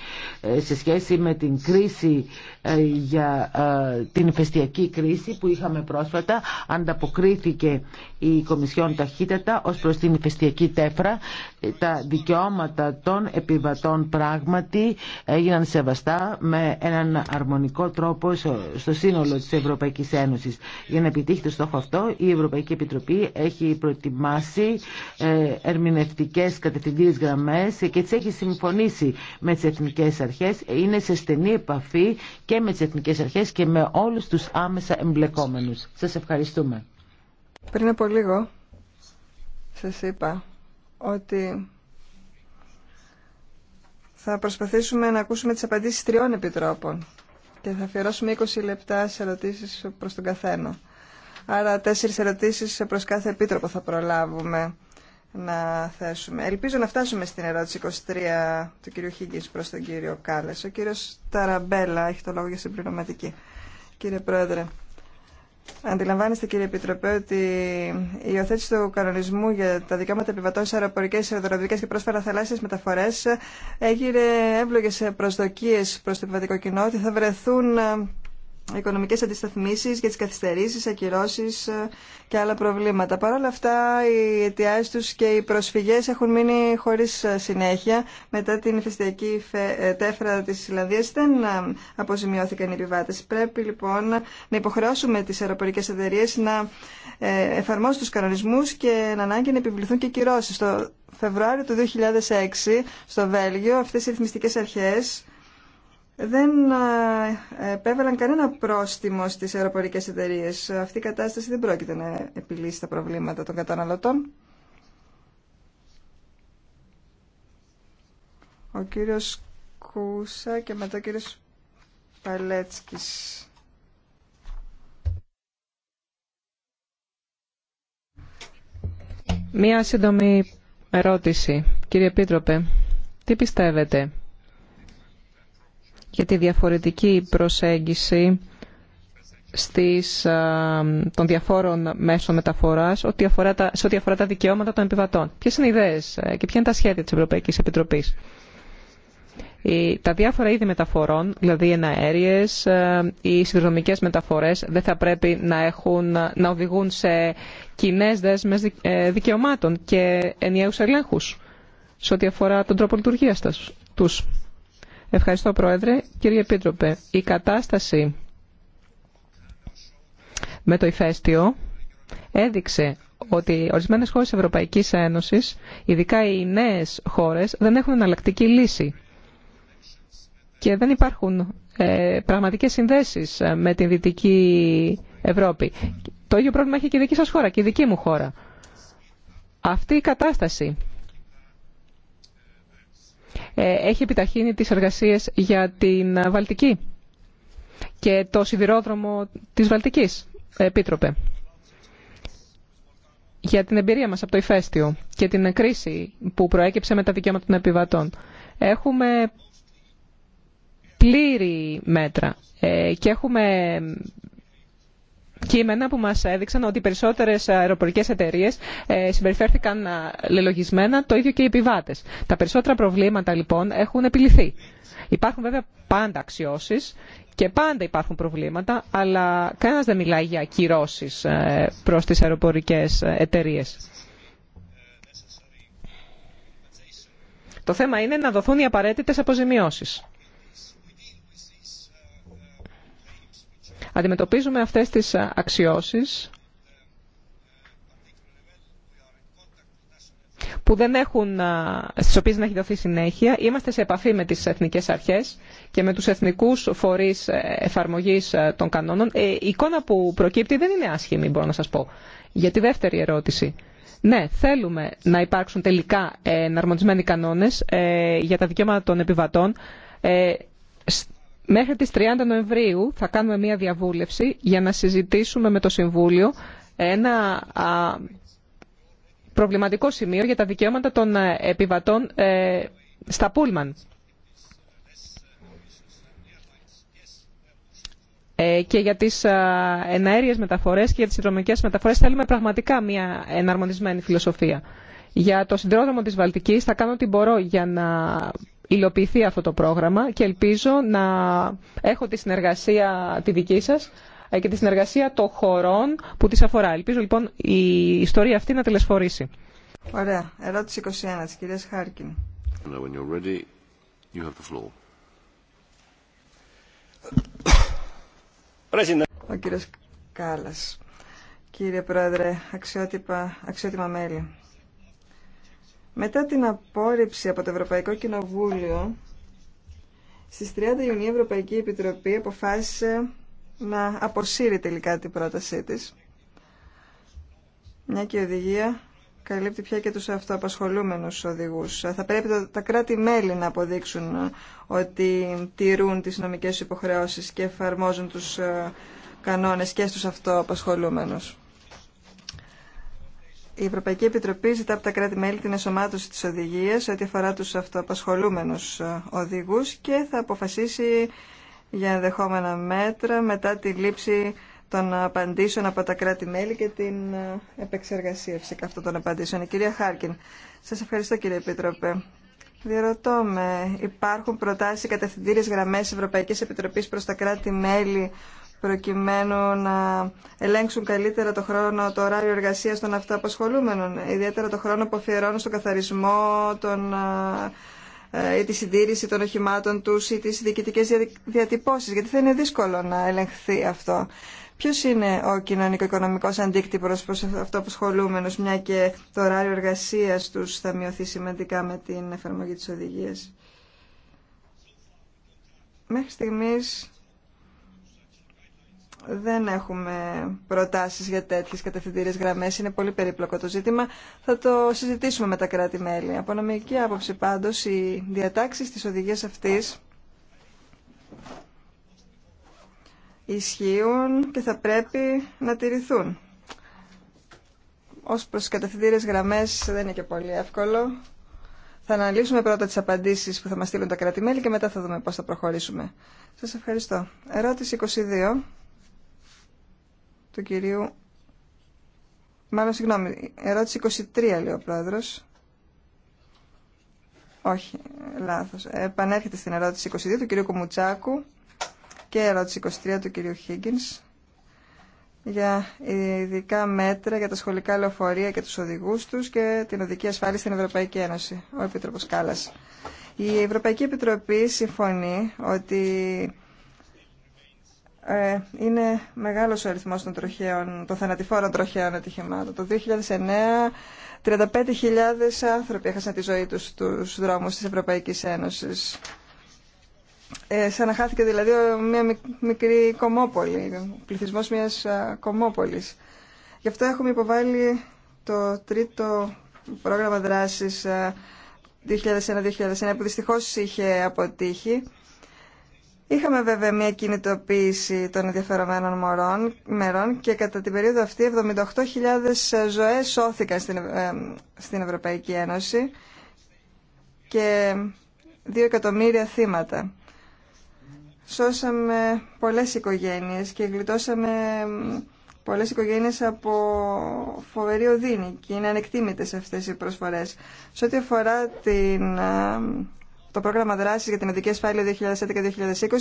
Σε σχέση με την κρίση ε, για ε, την ηφαιστειακή κρίση που είχαμε πρόσφατα ανταποκρίθηκε η Κομισιόν ταχύτατα ως προς την ηφαιστειακή τέφρα. Τα δικαιώματα των επιβατών πράγματι έγιναν σεβαστά με έναν αρμονικό τρόπο στο σύνολο της Ευρωπαϊκής Ένωσης. Για να επιτύχει το στόχο αυτό η Ευρωπαϊκή Επιτροπή έχει προετοιμάσει ε, ερμηνευτικές κατευθυντήριες γραμμές και τις έχει συμφωνήσει με τις εθνικές αρχές. Είναι σε στενή επαφή και με τις εθνικές αρχές και με όλους τους άμεσα εμπλεκόμενους. Σας ευχαριστούμε. Πριν από λίγο σας είπα ότι θα προσπαθήσουμε να ακούσουμε τις απαντήσεις τριών επιτρόπων και θα αφιερώσουμε 20 λεπτά σε ερωτήσεις προς τον καθένα. Άρα τέσσερις ερωτήσεις προς κάθε επίτροπο θα προλάβουμε να θέσουμε. Ελπίζω να φτάσουμε στην ερώτηση 23 του κυρίου Χίγκης προς τον κύριο Κάλλες. Ο κύριος Ταραμπέλα έχει το λόγο για συμπληρωματική. Κύριε Πρόεδρε, Αντιλαμβάνεστε κύριε Επιτροπέ ότι η υιοθέτηση του κανονισμού για τα δικαιώματα επιβατών σε αεροπορικέ, αεροδρομικέ και πρόσφατα θαλάσσιε μεταφορέ ε, έγινε εύλογε προσδοκίε προ το επιβατικό κοινό ότι θα βρεθούν ε, οικονομικέ αντισταθμίσει για τι καθυστερήσει, ακυρώσει ε, και άλλα προβλήματα. Παρ' όλα αυτά οι αιτιάσει του και οι προσφυγέ έχουν μείνει χωρί ε, συνέχεια. Μετά την ηφαιστειακή ε, τέφρα τη Ισλανδία. δεν αποζημιώθηκαν οι επιβάτε. Πρέπει λοιπόν να υποχρεώσουμε τι αεροπορικέ εταιρείε να εφαρμόσουν του κανονισμού και να ανάγκη να επιβληθούν και κυρώσει. Το Φεβρουάριο του 2006 στο Βέλγιο αυτές οι ρυθμιστικές αρχές δεν ε, επέβαλαν κανένα πρόστιμο στις αεροπορικές εταιρείες. Αυτή η κατάσταση δεν πρόκειται να επιλύσει τα προβλήματα των καταναλωτών. Ο κύριος Κούσα και μετά ο κύριος Παλέτσκης. Μία σύντομη ερώτηση. Κύριε Επίτροπε, τι πιστεύετε για τη διαφορετική προσέγγιση στις, των διαφόρων μέσων μεταφοράς ό,τι αφορά τα, σε ό,τι αφορά τα δικαιώματα των επιβατών. Ποιες είναι οι ιδέες ε, και ποια είναι τα σχέδια της Ευρωπαϊκής Επιτροπής. τα διάφορα είδη μεταφορών, δηλαδή εναέριες, ε, οι συνδρομικές μεταφορές δεν θα πρέπει να, έχουν, να οδηγούν σε κοινέ δέσμες ε, δικαιωμάτων και ενιαίους ελέγχους σε ό,τι αφορά τον τρόπο λειτουργίας τους. Ευχαριστώ Πρόεδρε. Κύριε Επίτροπε, η κατάσταση με το ηφαίστειο έδειξε ότι ορισμένες χώρες Ευρωπαϊκής Ένωσης, ειδικά οι νέες χώρες, δεν έχουν εναλλακτική λύση και δεν υπάρχουν ε, πραγματικές συνδέσεις ε, με την Δυτική Ευρώπη. Το ίδιο πρόβλημα έχει και η δική σας χώρα και η δική μου χώρα. Αυτή η κατάσταση ε, έχει επιταχύνει τις εργασίες για την Βαλτική και το σιδηρόδρομο της Βαλτικής, επίτροπε. Για την εμπειρία μας από το ηφαίστειο και την κρίση που προέκυψε με τα δικαιώματα των επιβατών. Έχουμε πλήρη μέτρα ε, και έχουμε κείμενα που μας έδειξαν ότι οι περισσότερες αεροπορικές εταιρείες ε, συμπεριφέρθηκαν ε, λελογισμένα, το ίδιο και οι επιβάτες. Τα περισσότερα προβλήματα λοιπόν έχουν επιληθεί. Υπάρχουν βέβαια πάντα αξιώσεις και πάντα υπάρχουν προβλήματα, αλλά κανένας δεν μιλάει για ακυρώσεις ε, προς τις αεροπορικές εταιρείε. Το θέμα είναι να δοθούν οι απαραίτητες αποζημιώσεις. Αντιμετωπίζουμε αυτές τις αξιώσεις που δεν έχουν, στις οποίες δεν έχει δοθεί συνέχεια. Είμαστε σε επαφή με τις εθνικές αρχές και με τους εθνικούς φορείς ε, εφαρμογής ε, των κανόνων. Ε, η εικόνα που προκύπτει δεν είναι άσχημη, μπορώ να σας πω. Για τη δεύτερη ερώτηση. Ναι, θέλουμε να υπάρξουν τελικά εναρμονισμένοι κανόνες για τα δικαιώματα των επιβατών Μέχρι τις 30 Νοεμβρίου θα κάνουμε μία διαβούλευση για να συζητήσουμε με το Συμβούλιο ένα προβληματικό σημείο για τα δικαιώματα των ε, επιβατών ε, στα Πούλμαν. Ε, και για τις εναέριες μεταφορές και για τις συνδρομικές μεταφορές θέλουμε πραγματικά μια εναρμονισμένη φιλοσοφία. Για το συνδρόμο της Βαλτικής θα κάνω ό,τι μπορώ για να υλοποιηθεί αυτό το πρόγραμμα και ελπίζω να έχω τη συνεργασία τη δική σας ε, και τη συνεργασία των χωρών που τις αφορά. Ελπίζω λοιπόν η ιστορία αυτή να τελεσφορήσει. Ωραία. Ερώτηση 21 της κυρίας Χάρκιν. When you're ready, Ο κύριος Κάλλας. Κύριε Πρόεδρε, αξιότιμα μέλη. Μετά την απόρριψη από το Ευρωπαϊκό Κοινοβούλιο, στις 30 Ιουνίου η Ευρωπαϊκή Επιτροπή αποφάσισε να αποσύρει τελικά την πρότασή της. Μια και η οδηγία καλύπτει πια και τους αυτοαπασχολούμενους οδηγούς. Θα πρέπει τα κράτη-μέλη να αποδείξουν ε, ότι τηρούν τις νομικές υποχρεώσεις και εφαρμόζουν τους ε, κανόνες και στους αυτοαπασχολούμενους. Η Ευρωπαϊκή Επιτροπή ζητά από τα κράτη-μέλη την εσωμάτωση της οδηγίας ό,τι αφορά τους αυτοαπασχολούμενους ε, οδηγούς και θα αποφασίσει για ενδεχόμενα μέτρα μετά τη λήψη των απαντήσεων από τα κράτη-μέλη και την ε, επεξεργασία φυσικά αυτών των απαντήσεων. Η κυρία Χάρκιν, σας ευχαριστώ κύριε Επίτροπε. Διερωτώ με, υπάρχουν προτάσεις κατευθυντήριες γραμμές Ευρωπαϊκής Επιτροπής προς τα κράτη-μέλη προκειμένου να ελέγξουν καλύτερα το χρόνο, το ωράριο εργασία των αυτοαπασχολούμενων, ιδιαίτερα το χρόνο που αφιερώνουν στον καθαρισμό τον, ε, ή τη συντήρηση των οχημάτων του ή τι διοικητικέ διατυπώσει, γιατί θα είναι δύσκολο να ελεγχθεί αυτό. Ποιο είναι ο κοινωνικο-οικονομικό αντίκτυπο προ αυτοαπασχολούμενου, μια και το ωράριο εργασία του θα μειωθεί σημαντικά με την εφαρμογή τη οδηγία. Μέχρι στιγμής δεν έχουμε προτάσεις για τέτοιες κατευθυντήριες γραμμές. Είναι πολύ περίπλοκο το ζήτημα. Θα το συζητήσουμε με τα κράτη-μέλη. Από νομική άποψη πάντως, οι διατάξεις της οδηγίας αυτής ισχύουν και θα πρέπει να τηρηθούν. Ως προς τι κατευθυντήριες γραμμές δεν είναι και πολύ εύκολο. Θα αναλύσουμε πρώτα τις απαντήσεις που θα μας στείλουν τα κράτη-μέλη και μετά θα δούμε πώς θα προχωρήσουμε. Σας ευχαριστώ. Ερώτηση 22 του κυρίου... Μάλλον, συγγνώμη, ερώτηση 23, λέει ο πρόεδρο. Όχι, λάθο. Επανέρχεται στην ερώτηση 22 του κυρίου Κομουτσάκου και ερώτηση 23 του κυρίου Χίγκινς για ειδικά μέτρα για τα σχολικά λεωφορεία και τους οδηγού του και την οδική ασφάλεια στην Ευρωπαϊκή Ένωση, ο Επίτροπος Κάλλα. Η Ευρωπαϊκή Επιτροπή συμφωνεί ότι ε, είναι μεγάλος ο αριθμός των, τροχαίων, των θανατηφόρων τροχαίων ατυχημάτων. Το 2009 35.000 άνθρωποι έχασαν τη ζωή τους στους δρόμους της Ευρωπαϊκής Ένωσης. Ε, σαν να χάθηκε δηλαδή μια μικρή κομμόπολη, ο πληθυσμός μιας κομμόπολης. Γι' αυτό έχουμε υποβάλει το τρίτο πρόγραμμα δράσης 2001-2001 που δυστυχώς είχε αποτύχει Είχαμε βέβαια μια κινητοποίηση των ενδιαφερομένων μωρών, μερών και κατά την περίοδο αυτή 78.000 ζωές σώθηκαν στην, ε, στην Ευρωπαϊκή Ένωση και 2 εκατομμύρια θύματα. Σώσαμε πολλές οικογένειες και γλιτώσαμε πολλές οικογένειες από φοβερή οδύνη και είναι ανεκτήμητες αυτές οι προσφορές. Σε ό,τι αφορά την ε, το πρόγραμμα δράσης για την ειδικη ασφαλεια ασφάλεια 2011-2020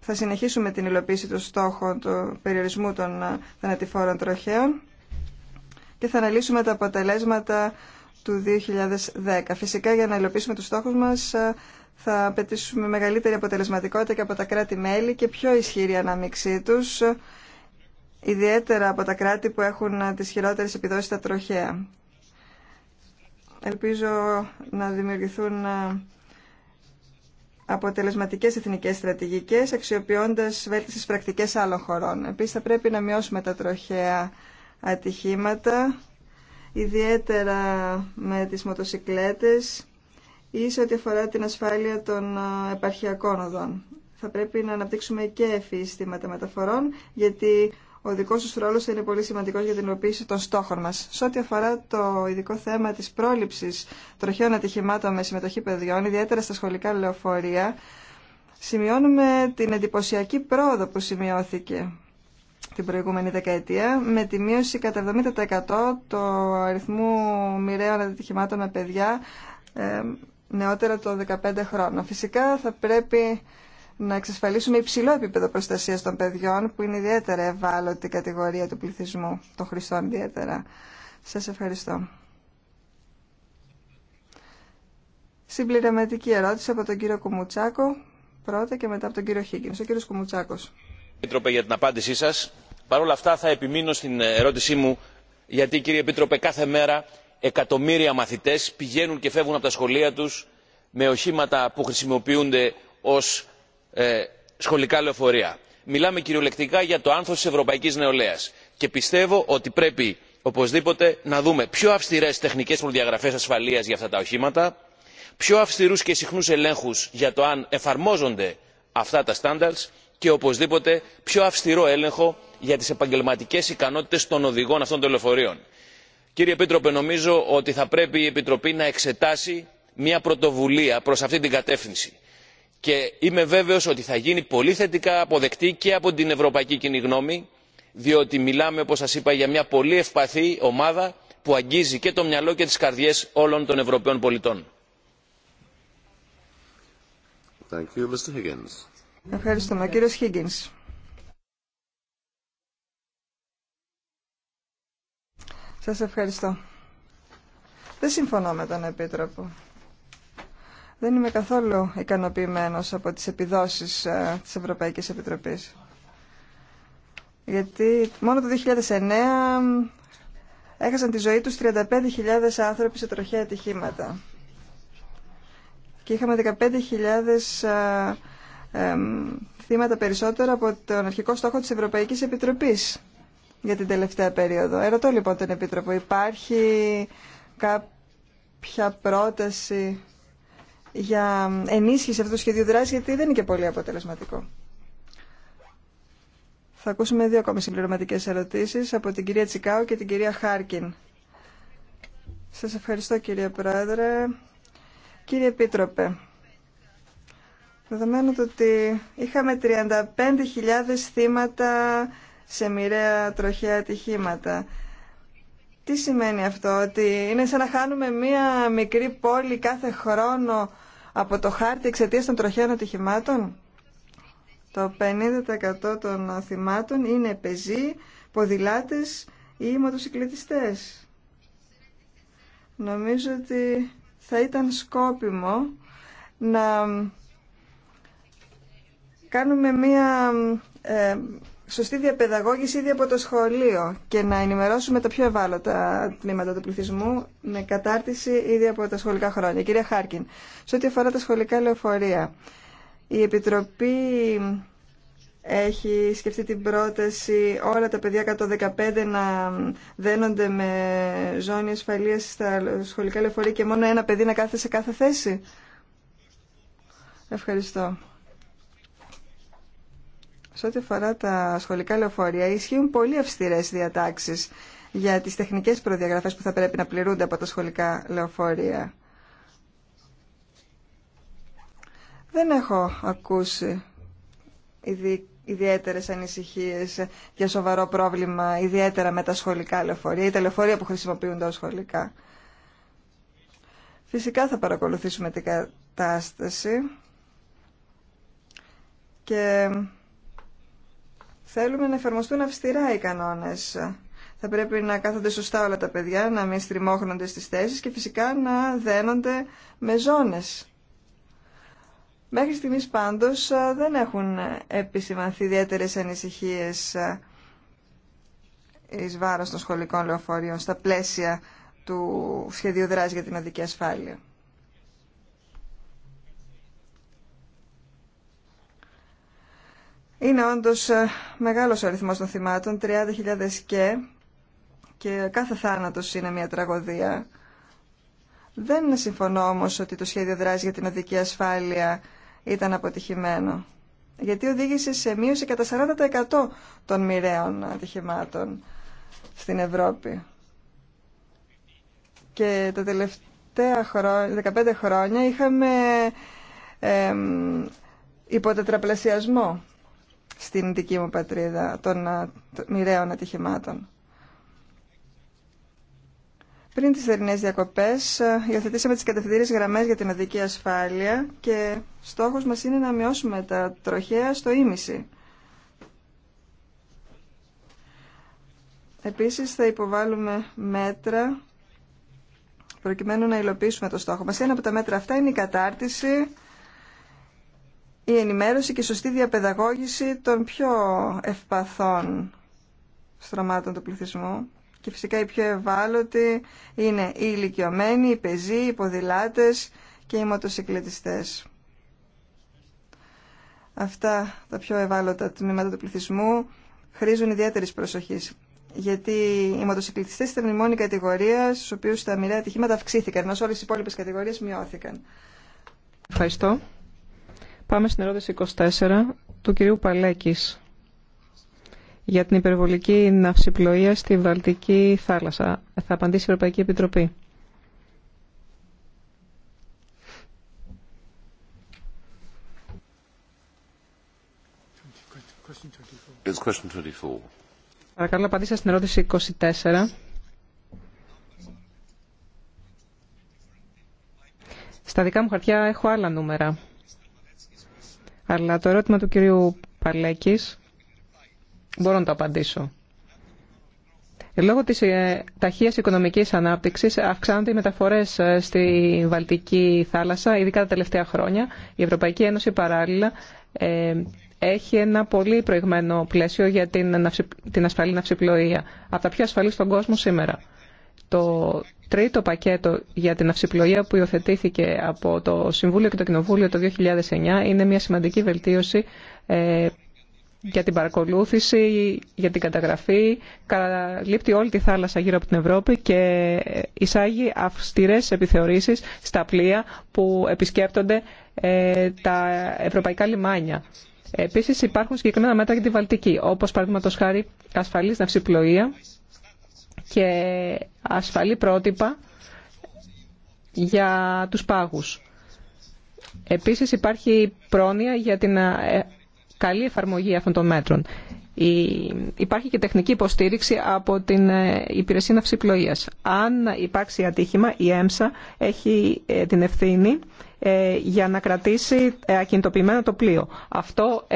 θα συνεχίσουμε την υλοποίηση των στόχων του περιορισμού των ε, θανατηφόρων τροχαίων και θα αναλύσουμε τα αποτελέσματα του 2010. Φυσικά για να υλοποιήσουμε τους στόχους μας ε, θα απαιτήσουμε μεγαλύτερη αποτελεσματικότητα και από τα κράτη-μέλη και πιο ισχυρή ανάμειξή τους, ε, ιδιαίτερα από τα κράτη που έχουν τις χειρότερες επιδόσεις στα τροχαία. Ελπίζω να δημιουργηθούν αποτελεσματικές εθνικές στρατηγικές, αξιοποιώντα βέλτιστες πρακτικές άλλων χωρών. Επίσης, θα πρέπει να μειώσουμε τα τροχαία ατυχήματα, ιδιαίτερα με τις μοτοσικλέτες ή σε ό,τι αφορά την ασφάλεια των ε, επαρχιακών οδών. Θα πρέπει να αναπτύξουμε και ευφύστηματα μεταφορών, γιατί ο δικό του ρόλο θα είναι πολύ σημαντικό για την υλοποίηση των στόχων μα. Σε ό,τι αφορά το ειδικό θέμα τη πρόληψη τροχαίων ατυχημάτων με συμμετοχή παιδιών, ιδιαίτερα στα σχολικά λεωφορεία, σημειώνουμε την εντυπωσιακή πρόοδο που σημειώθηκε την προηγούμενη δεκαετία με τη μείωση κατά 70% του αριθμού μοιραίων ατυχημάτων με παιδιά ε, νεότερα το 15 χρόνο. Φυσικά θα πρέπει να εξασφαλίσουμε υψηλό επίπεδο προστασία των παιδιών που είναι ιδιαίτερα ευάλωτη κατηγορία του πληθυσμού, των χρηστών ιδιαίτερα. Σας ευχαριστώ. Συμπληρωματική ερώτηση από τον κύριο Κουμουτσάκο, πρώτα και μετά από τον κύριο Χίγκινς. Ο κύριος Κουμουτσάκος. Επίτροπε για την απάντησή σας. Παρ' όλα αυτά θα επιμείνω στην ερώτησή μου γιατί κύριε Επίτροπε κάθε μέρα εκατομμύρια μαθητέ πηγαίνουν και φεύγουν από τα σχολεία του με οχήματα που χρησιμοποιούνται ως ε, σχολικά λεωφορεία. μιλάμε κυριολεκτικά για το άνθος της ευρωπαϊκής νεολαίας και πιστεύω ότι πρέπει οπωσδήποτε να δούμε πιο αυστηρές τεχνικές προδιαγραφές ασφαλείας για αυτά τα οχήματα πιο αυστηρούς και συχνούς ελέγχους για το αν εφαρμόζονται αυτά τα standards και οπωσδήποτε πιο αυστηρό έλεγχο για τις επαγγελματικές ικανότητες των οδηγών αυτών των λεωφορείων. κύριε επίτροπε νομίζω ότι θα πρέπει η επιτροπή να εξετάσει μια πρωτοβουλία προς αυτή την κατεύθυνση και είμαι βέβαιος ότι θα γίνει πολύ θετικά αποδεκτή και από την ευρωπαϊκή κοινή γνώμη διότι μιλάμε όπως σας είπα για μια πολύ ευπαθή ομάδα που αγγίζει και το μυαλό και τις καρδιές όλων των ευρωπαίων πολιτών. Σας ευχαριστώ. Δεν συμφωνώ με τον Επίτροπο. Δεν είμαι καθόλου ικανοποιημένος από τις επιδόσεις ε, της Ευρωπαϊκής Επιτροπής. Γιατί μόνο το 2009 έχασαν τη ζωή τους 35.000 άνθρωποι σε τροχαία ατυχήματα. Και είχαμε 15.000 ε, θύματα περισσότερα από τον αρχικό στόχο της Ευρωπαϊκής Επιτροπής για την τελευταία περίοδο. Ερωτώ λοιπόν τον Επίτροπο, υπάρχει κάποια πρόταση για ενίσχυση αυτού του σχεδίου δράση, γιατί δεν είναι και πολύ αποτελεσματικό. Θα ακούσουμε δύο ακόμη συμπληρωματικέ ερωτήσει από την κυρία Τσικάου και την κυρία Χάρκιν. Σα ευχαριστώ κύριε Πρόεδρε. Κύριε Επίτροπε, δεδομένου ότι είχαμε 35.000 θύματα σε μοιραία τροχαία ατυχήματα. Τι σημαίνει αυτό, ότι είναι σαν να χάνουμε μία μικρή πόλη κάθε χρόνο από το χάρτη εξαιτία των τροχαίων ατυχημάτων. Το 50% των θυμάτων είναι πεζοί, ποδηλάτες ή μοτοσυκλετιστές. Νομίζω ότι θα ήταν σκόπιμο να κάνουμε μία ε, σωστή διαπαιδαγώγηση ήδη από το σχολείο και να ενημερώσουμε τα πιο ευάλωτα τμήματα του πληθυσμού με κατάρτιση ήδη από τα σχολικά χρόνια. Κυρία Χάρκιν, σε ό,τι αφορά τα σχολικά λεωφορεία, η Επιτροπή έχει σκεφτεί την πρόταση όλα τα παιδιά κατά να δένονται με ζώνη ασφαλείας στα σχολικά λεωφορεία και μόνο ένα παιδί να κάθεται σε κάθε θέση. Ευχαριστώ. Σε ό,τι αφορά τα σχολικά λεωφορεία, ισχύουν πολύ αυστηρέ διατάξει για τι τεχνικέ προδιαγραφέ που θα πρέπει να πληρούνται από τα σχολικά λεωφορεία. Δεν έχω ακούσει ιδιαίτερε ανησυχίε για σοβαρό πρόβλημα, ιδιαίτερα με τα σχολικά λεωφορεία ή τα λεωφορεία που χρησιμοποιούνται ω σχολικά. Φυσικά θα παρακολουθήσουμε την κατάσταση και Θέλουμε να εφαρμοστούν αυστηρά οι κανόνες. Θα πρέπει να κάθονται σωστά όλα τα παιδιά, να μην στριμώχνονται στις θέσεις και φυσικά να δένονται με ζώνες. Μέχρι στιγμής πάντως δεν έχουν επισημανθεί ιδιαίτερε ανησυχίες εις βάρος των σχολικών λεωφορείων στα πλαίσια του σχεδίου δράσης για την οδική ασφάλεια. Είναι όντως ε, μεγάλος ο αριθμός των θυμάτων, 30.000 και, και κάθε θάνατος είναι μια τραγωδία. Δεν συμφωνώ όμως ότι το σχέδιο δράσης για την οδική ασφάλεια ήταν αποτυχημένο. Γιατί οδήγησε σε μείωση κατά 40% των μοιραίων ατυχημάτων στην Ευρώπη. Και τα τελευταία χρόνια, 15 χρόνια είχαμε ε, υποτετραπλασιασμό στην δική μου πατρίδα των μοιραίων ατυχημάτων. Πριν τις θερινές διακοπές υιοθετήσαμε τις κατευθυντήριες γραμμές για την οδική ασφάλεια και στόχος μας είναι να μειώσουμε τα τροχέα στο ίμιση. Επίσης θα υποβάλουμε μέτρα προκειμένου να υλοποιήσουμε το στόχο μας. Ένα από τα μέτρα αυτά είναι η κατάρτιση η ενημέρωση και η σωστή διαπαιδαγώγηση των πιο ευπαθών στρωμάτων του πληθυσμού. Και φυσικά οι πιο ευάλωτοι είναι οι ηλικιωμένοι, οι πεζοί, οι ποδηλάτες και οι μοτοσυκλετιστές. Αυτά τα πιο ευάλωτα τμήματα του πληθυσμού χρήζουν ιδιαίτερη προσοχή. Γιατί οι μοτοσυκλετιστέ ήταν η μόνη κατηγορία στου οποίου τα μοιραία ατυχήματα αυξήθηκαν, ενώ όλε οι υπόλοιπε κατηγορίε μειώθηκαν. Ευχαριστώ. Πάμε στην ερώτηση 24 του κυρίου Παλέκης για την υπερβολική ναυσιπλοεία στη Βαλτική θάλασσα. Θα απαντήσει η Ευρωπαϊκή Επιτροπή. It's question 24. Παρακαλώ, απαντήστε στην ερώτηση 24. Στα δικά μου χαρτιά έχω άλλα νούμερα. Αλλά το ερώτημα του κυρίου Παλέκης μπορώ να το απαντήσω. Λόγω της ε, ταχείας οικονομικής ανάπτυξης αυξάνονται οι μεταφορές ε, στη Βαλτική θάλασσα, ειδικά τα τελευταία χρόνια. Η Ευρωπαϊκή Ένωση παράλληλα ε, έχει ένα πολύ προηγμένο πλαίσιο για την, την ασφαλή ναυσιπλοεία. Από τα πιο ασφαλή στον κόσμο σήμερα τρίτο πακέτο για την αυσιπλοεία που υιοθετήθηκε από το Συμβούλιο και το Κοινοβούλιο το 2009 είναι μια σημαντική βελτίωση ε, για την παρακολούθηση, για την καταγραφή, καλύπτει όλη τη θάλασσα γύρω από την Ευρώπη και εισάγει αυστηρές επιθεωρήσεις στα πλοία που επισκέπτονται ε, τα ευρωπαϊκά λιμάνια. Επίσης υπάρχουν συγκεκριμένα μέτρα για τη Βαλτική, όπως παραδείγματος χάρη ασφαλής ναυσιπλοεία και ασφαλή πρότυπα για τους πάγους. Επίσης υπάρχει πρόνοια για την ε, καλή εφαρμογή αυτών των μέτρων. Υπάρχει και τεχνική υποστήριξη από την ε, Υπηρεσία Ναυσιπλοείας. Αν υπάρξει ατύχημα, η ΕΜΣΑ έχει ε, την ευθύνη ε, για να κρατήσει ε, ακινητοποιημένο το πλοίο. Αυτό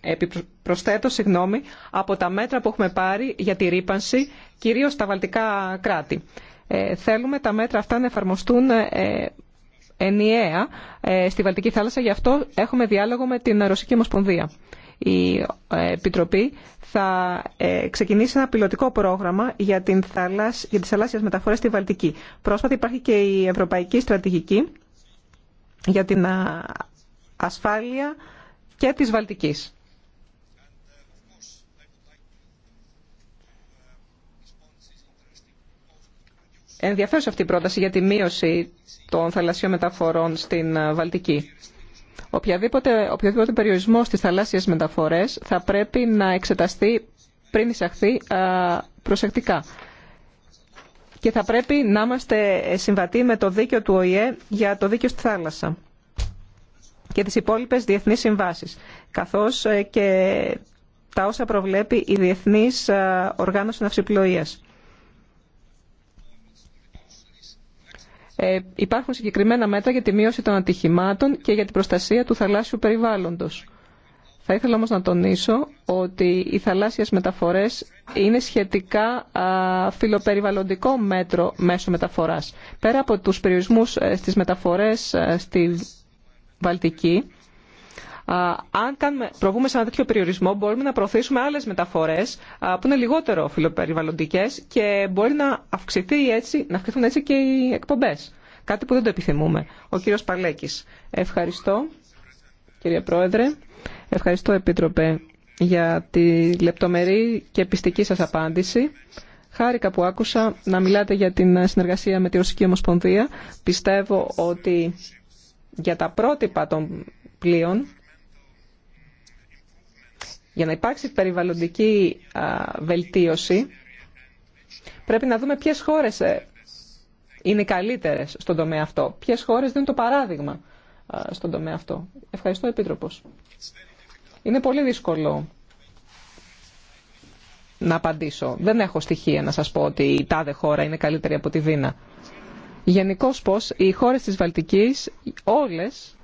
επιπροσθέτω συγγνώμη, από τα μέτρα που έχουμε πάρει για τη ρήπανση, κυρίως στα βαλτικά κράτη. Ε, θέλουμε τα μέτρα αυτά να εφαρμοστούν ενιαία στη Βαλτική θάλασσα, γι' αυτό έχουμε διάλογο με την Ρωσική Ομοσπονδία η ε, Επιτροπή θα ε, ξεκινήσει ένα πιλωτικό πρόγραμμα για, την θαλάσ... για τις μεταφορές στη Βαλτική. Πρόσφατα υπάρχει και η Ευρωπαϊκή Στρατηγική για την ασφάλεια και της Βαλτικής. Ενδιαφέρουσα αυτή η πρόταση για τη μείωση των θαλασσιών μεταφορών στην ε, Βαλτική. Οποιαδήποτε, οποιοδήποτε περιορισμό στις θαλάσσιες μεταφορές θα πρέπει να εξεταστεί πριν εισαχθεί προσεκτικά. Και θα πρέπει να είμαστε συμβατοί με το δίκαιο του ΟΗΕ για το δίκαιο στη θάλασσα και τις υπόλοιπες διεθνείς συμβάσεις, καθώς ε, και τα όσα προβλέπει η Διεθνής ε, Οργάνωση Ναυσιπλοείας. Ε, υπάρχουν συγκεκριμένα μέτρα για τη μείωση των ατυχημάτων και για την προστασία του θαλάσσιου περιβάλλοντος. Θα ήθελα όμως να τονίσω ότι οι θαλάσσιες μεταφορές είναι σχετικά φιλοπεριβαλλοντικό μέτρο μέσω μεταφοράς. Πέρα από τους περιορισμούς ε, στις μεταφορές ε, στη Βαλτική, αν προβούμε σε ένα τέτοιο περιορισμό, μπορούμε να προωθήσουμε άλλες μεταφορές που είναι λιγότερο φιλοπεριβαλλοντικές και μπορεί να, αυξηθεί έτσι, να αυξηθούν έτσι και οι εκπομπές. Κάτι που δεν το επιθυμούμε. Ο κύριος Παλέκης. Ευχαριστώ, κύριε Πρόεδρε. Ευχαριστώ, Επίτροπε, για τη λεπτομερή και πιστική σας απάντηση. Χάρηκα που άκουσα να μιλάτε για την συνεργασία με τη Ρωσική Ομοσπονδία. Πιστεύω ότι για τα πρότυπα των πλοίων για να υπάρξει περιβαλλοντική βελτίωση, πρέπει να δούμε ποιες χώρες ε, είναι καλύτερες στον τομέα αυτό, ποιες χώρες δίνουν το παράδειγμα στον τομέα αυτό. Ευχαριστώ, Επίτροπος. Είναι πολύ δύσκολο να απαντήσω. Δεν έχω στοιχεία να σας πω ότι η τάδε χώρα είναι καλύτερη από τη Δίνα. Γενικώ πώς οι χώρες της Βαλτικής όλες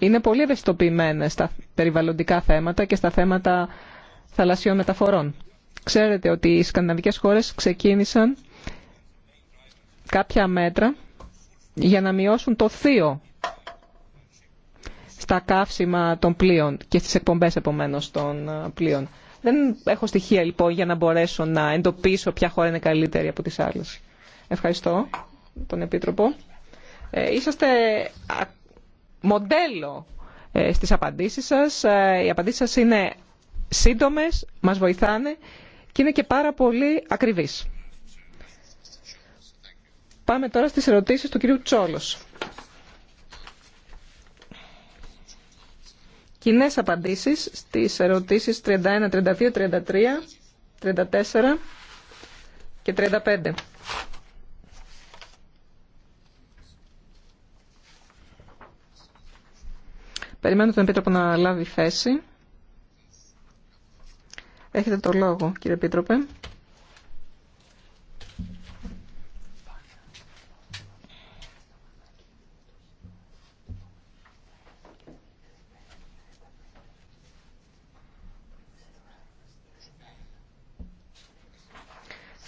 είναι πολύ ευαισθητοποιημένε στα περιβαλλοντικά θέματα και στα θέματα θαλασσιών μεταφορών. Ξέρετε ότι οι σκανδιναβικές χώρες ξεκίνησαν κάποια μέτρα για να μειώσουν το θείο στα καύσιμα των πλοίων και στις εκπομπές επομένως των ε, πλοίων. Δεν έχω στοιχεία λοιπόν για να μπορέσω να εντοπίσω ποια χώρα είναι καλύτερη από τις άλλες. Ευχαριστώ τον Επίτροπο. Ε, είσαστε μοντέλο ε, στις απαντήσεις σας. Ε, οι απαντήσεις σας είναι σύντομες, μας βοηθάνε και είναι και πάρα πολύ ακριβείς. Πάμε τώρα στις ερωτήσεις του κυρίου Τσόλος. Κοινέ απαντήσεις στις ερωτήσεις 31, 32, 33, 34 και 35. Περιμένω τον Επίτροπο να λάβει θέση. Έχετε το λόγο, κύριε Επίτροπε.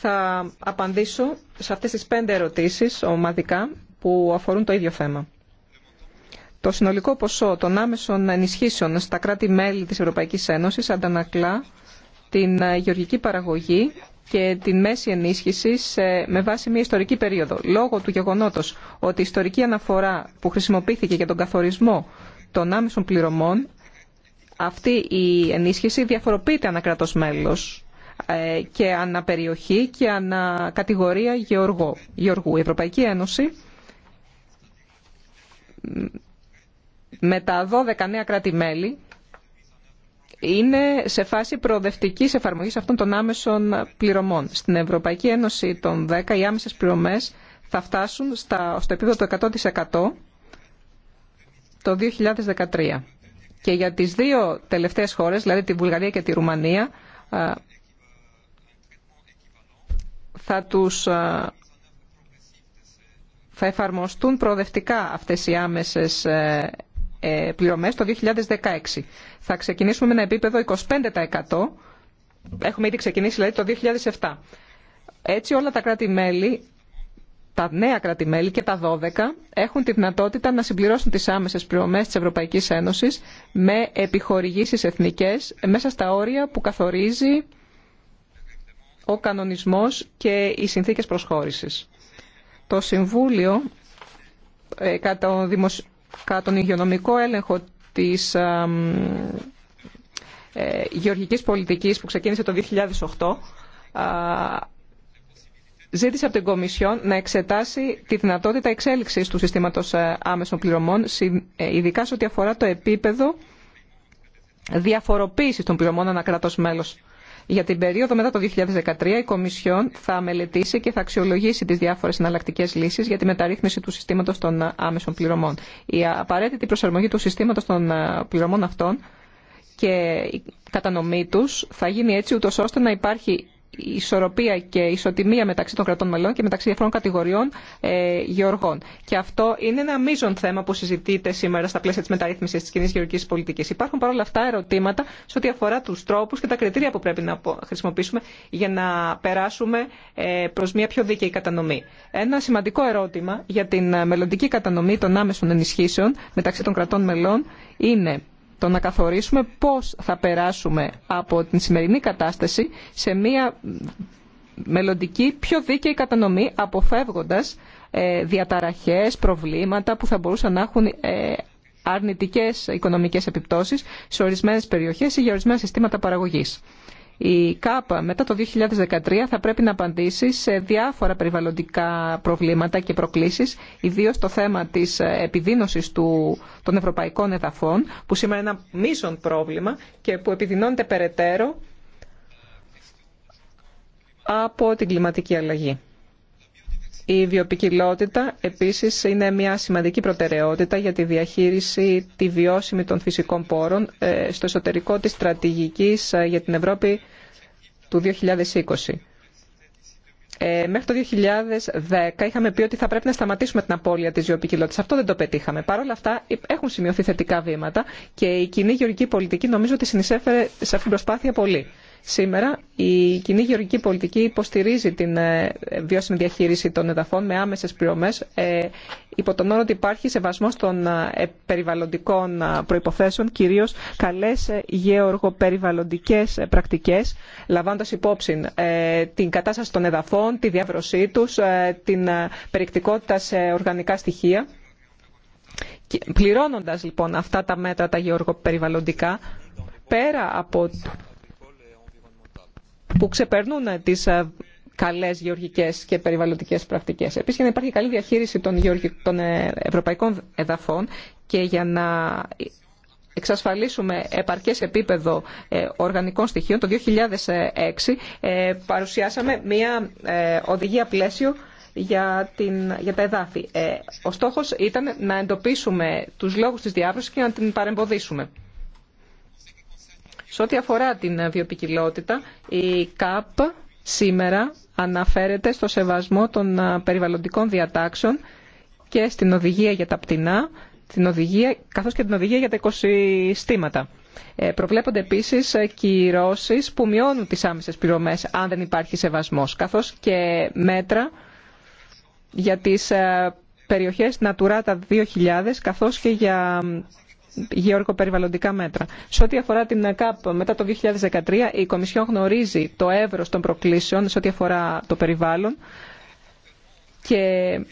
Θα απαντήσω σε αυτές τις πέντε ερωτήσεις ομαδικά που αφορούν το ίδιο θέμα. Το συνολικό ποσό των άμεσων ενισχύσεων στα κράτη-μέλη της Ευρωπαϊκής Ένωσης αντανακλά την ε, γεωργική παραγωγή και την μέση ενίσχυση με βάση μια ιστορική περίοδο. Λόγω του γεγονότος ότι η ιστορική αναφορά που χρησιμοποιήθηκε για τον καθορισμό των άμεσων πληρωμών, αυτή η ενίσχυση διαφοροποιείται ανά κράτος μέλος ε, και ανά περιοχή και ανά κατηγορία γεωργού. Η Ευρωπαϊκή Ένωση με τα 12 νέα κράτη-μέλη είναι σε φάση προοδευτική εφαρμογή αυτών των άμεσων πληρωμών. Στην Ευρωπαϊκή Ένωση των 10 οι άμεσε πληρωμές θα φτάσουν στα, στο επίπεδο του 100% το 2013. Και για τις δύο τελευταίες χώρες, δηλαδή τη Βουλγαρία και τη Ρουμανία, θα, τους, θα εφαρμοστούν προοδευτικά αυτές οι άμεσες ε, ε, πληρωμές το 2016. Θα ξεκινήσουμε με ένα επίπεδο 25%. Έχουμε ήδη ξεκινήσει δηλαδή το 2007. Έτσι όλα τα κράτη-μέλη, τα νέα κράτη-μέλη και τα 12 έχουν τη δυνατότητα να συμπληρώσουν τις άμεσες πληρωμές της Ευρωπαϊκής Ένωσης με επιχορηγήσεις εθνικές μέσα στα όρια που καθορίζει ο κανονισμός και οι συνθήκες προσχώρησης. Το Συμβούλιο ε, κατά κατά τον υγειονομικό έλεγχο της ε, γεωργικής πολιτικής που ξεκίνησε το 2008 ζήτησε από την Κομισιόν να εξετάσει τη δυνατότητα εξέλιξης του συστήματος ε, άμεσων πληρωμών ε, ειδικά σε ό,τι αφορά το επίπεδο διαφοροποίησης των πληρωμών κράτος μέλος. Για την περίοδο μετά το 2013 η Κομισιόν θα μελετήσει και θα αξιολογήσει τις διάφορες εναλλακτικέ λύσεις για τη μεταρρύθμιση του συστήματος των ε, άμεσων πληρωμών. Η ε, απαραίτητη προσαρμογή του συστήματος των ε, πληρωμών αυτών και η κατανομή τους θα γίνει έτσι ούτως ώστε να υπάρχει ισορροπία και ισοτιμία μεταξύ των κρατών μελών και μεταξύ διαφορών κατηγοριών ε, γεωργών. Και αυτό είναι ένα μείζον θέμα που συζητείται σήμερα στα πλαίσια τη μεταρρύθμιση τη κοινή γεωργική πολιτική. Υπάρχουν παρόλα αυτά ερωτήματα σε ό,τι αφορά του τρόπου και τα κριτήρια που πρέπει να χρησιμοποιήσουμε για να περάσουμε ε, προ μια πιο δίκαιη κατανομή. Ένα σημαντικό ερώτημα για την μελλοντική κατανομή των άμεσων ενισχύσεων μεταξύ των κρατών μελών είναι το να καθορίσουμε πώς θα περάσουμε από την σημερινή κατάσταση σε μια μελλοντική πιο δίκαιη κατανομή αποφεύγοντας ε, διαταραχές, προβλήματα που θα μπορούσαν να έχουν ε, αρνητικές οικονομικές επιπτώσεις σε ορισμένες περιοχές ή για ορισμένα συστήματα παραγωγής. Η ΚΑΠΑ μετά το 2013 θα πρέπει να απαντήσει σε διάφορα περιβαλλοντικά προβλήματα και προκλήσεις, ιδίως το θέμα της επιδίνωσης του, των ευρωπαϊκών εδαφών, που σήμερα είναι ένα μίσον πρόβλημα και που επιδεινώνεται περαιτέρω από την κλιματική αλλαγή. Η βιοπικιλότητα επίσης είναι μια σημαντική προτεραιότητα για τη διαχείριση τη βιώσιμη των φυσικών πόρων ε, στο εσωτερικό της στρατηγικής ε, για την Ευρώπη του 2020. Ε, μέχρι το 2010 είχαμε πει ότι θα πρέπει να σταματήσουμε την απώλεια της βιοπικιλότητας. Αυτό δεν το πετύχαμε. Παρ' όλα αυτά έχουν σημειωθεί θετικά βήματα και η κοινή γεωργική πολιτική νομίζω ότι συνεισέφερε σε αυτήν την προσπάθεια πολύ. Σήμερα η κοινή γεωργική πολιτική υποστηρίζει την ε, βιώσιμη διαχείριση των εδαφών με άμεσες πληρωμές ε, υπό τον όρο ότι υπάρχει σεβασμός των ε, περιβαλλοντικών προϋποθέσεων, κυρίως καλές γεωργοπεριβαλλοντικές πρακτικές, λαμβάνοντας υπόψη την κατάσταση των εδαφών, τη διαβροσή τους, την περιεκτικότητα σε οργανικά στοιχεία. Πληρώνοντας λοιπόν αυτά τα μέτρα τα γεωργοπεριβαλλοντικά, πέρα από που ξεπερνούν τις ε, καλές γεωργικές και περιβαλλοντικές πρακτικές. Επίσης, για να υπάρχει καλή διαχείριση των ε, ευρωπαϊκών εδαφών και για να εξασφαλίσουμε επαρκές επίπεδο ε, οργανικών στοιχείων, το 2006 παρουσιάσαμε μία οδηγία πλαίσιο για, την, για τα εδάφη. Ο στόχος ήταν να εντοπίσουμε τους λόγους της διάβρωσης και να την παρεμποδίσουμε. Σε ό,τι αφορά την βιοπικιλότητα, η ΚΑΠ σήμερα αναφέρεται στο σεβασμό των περιβαλλοντικών διατάξεων και στην οδηγία για τα πτηνά, την οδηγία, καθώς και την οδηγία για τα οικοσυστήματα. Ε, προβλέπονται επίσης ε, κυρώσεις που μειώνουν τις άμεσες πληρωμές αν δεν υπάρχει σεβασμός, καθώς και μέτρα για τις ε, περιοχές Natura 2000, καθώς και για περιβαλλοντικά μέτρα. Σε ό,τι αφορά την ΚΑΠ μετά το 2013, η Κομισιόν γνωρίζει το εύρος των προκλήσεων σε ό,τι αφορά το περιβάλλον και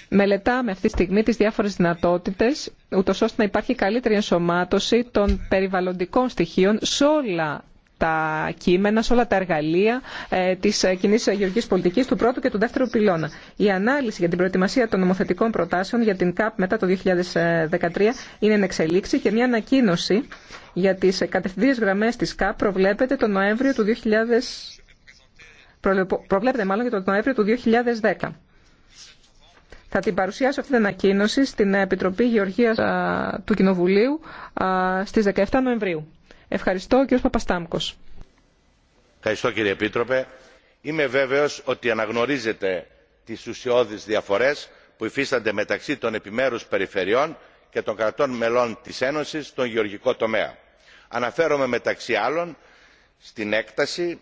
μελετάμε αυτή τη στιγμή τις διάφορες δυνατότητες, ούτως ώστε να υπάρχει καλύτερη ενσωμάτωση των περιβαλλοντικών στοιχείων σε όλα τα κείμενα, σε όλα τα εργαλεία ε, τη ε, κοινή γεωργική πολιτική του πρώτου και του δεύτερου πυλώνα. Η ανάλυση για την προετοιμασία των νομοθετικών προτάσεων για την ΚΑΠ μετά το 2013 είναι εν εξελίξη και μια ανακοίνωση για τι κατευθυντήριε γραμμέ τη ΚΑΠ προβλέπεται το Νοέμβριο του 2000... προβλέπεται μάλλον για τον Νοέμβριο του 2010. Θα την παρουσιάσω αυτή την ανακοίνωση στην Επιτροπή Γεωργίας του Κοινοβουλίου στις 17 Νοεμβρίου. Ευχαριστώ κύριος Παπαστάμκος. Ευχαριστώ κύριε Επίτροπε. Είμαι βέβαιος ότι αναγνωρίζετε τις ουσιώδεις διαφορές που υφίστανται μεταξύ των επιμέρους περιφερειών και των κρατών μελών της Ένωσης στον γεωργικό τομέα. Αναφέρομαι μεταξύ άλλων στην έκταση,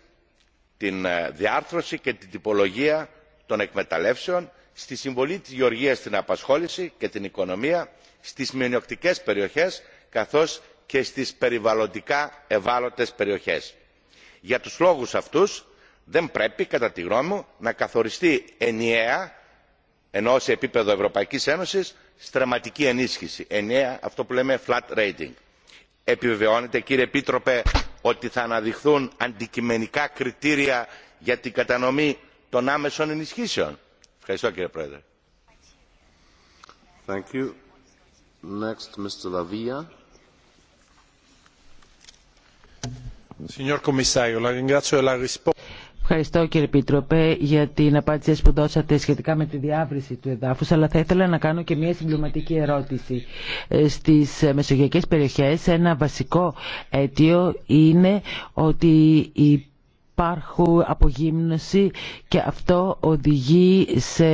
την ε, διάρθρωση και την τυπολογία των εκμεταλλεύσεων, στη συμβολή της γεωργίας στην απασχόληση και την οικονομία, στις μειονεκτικές περιοχές καθώς και στις περιβαλλοντικά ευάλωτες περιοχές. για τους λόγους αυτούς δεν πρέπει κατά τη γνώμη μου να καθοριστεί ενιαία ενώ σε επίπεδο ευρωπαϊκής ένωσης στραματική ενίσχυση ενιαία αυτό που λέμε flat rating. Επιβεβαιώνεται, κύριε επίτροπε ότι θα αναδειχθούν αντικειμενικά κριτήρια για την κατανομή των άμεσων ενισχύσεων. ευχαριστώ κύριε πρόεδρε. Ευχαριστώ κύριε Πίτροπε για την απάντηση που δώσατε σχετικά με τη διάβριση του εδάφους αλλά θα ήθελα να κάνω και μια συμπληρωματική ερώτηση. Ε, στις μεσογειακές περιοχές ένα βασικό αίτιο είναι ότι οι υπάρχουν απογύμνωση και αυτό οδηγεί σε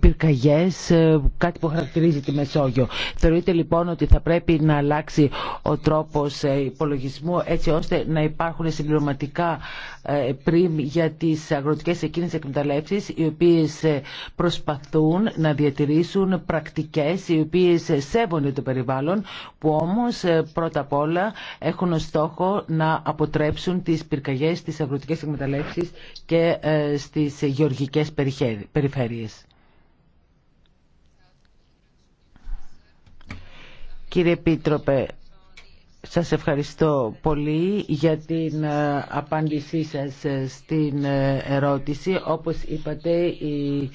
πυρκαγιές, ε, κάτι που χαρακτηρίζει τη Μεσόγειο. Θεωρείτε λοιπόν ότι θα πρέπει να αλλάξει ο τρόπος ε, υπολογισμού έτσι ώστε να υπάρχουν συμπληρωματικά ε, πριμ για τις αγροτικές εκείνες εκμεταλλεύσεις οι οποίες προσπαθούν να διατηρήσουν πρακτικές οι οποίες σέβονται το περιβάλλον που όμως πρώτα απ' όλα έχουν ως στόχο να αποτρέψουν τις πυρκαγιές και ε, στις γεωργικές περιφέρειες. Κύριε Επίτροπε, σας ευχαριστώ πολύ για την ε, απάντησή σας ε, στην ερώτηση. Όπως είπατε, η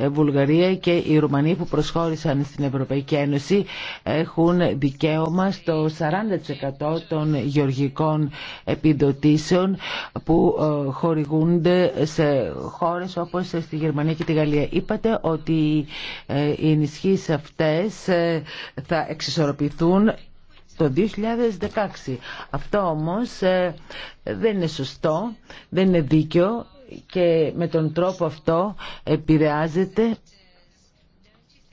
ε, Βουλγαρία και οι Ρουμανοί που προσχώρησαν στην Ευρωπαϊκή Ένωση έχουν δικαίωμα στο 40% των γεωργικών επιδοτήσεων που ε, χορηγούνται σε χώρες όπως στη Γερμανία και τη Γαλλία. Είπατε ότι ε, οι ενισχύσει αυτές θα εξισορροπηθούν το 2016. Αυτό όμως δεν είναι σωστό, δεν είναι δίκαιο και με τον τρόπο αυτό επηρεάζεται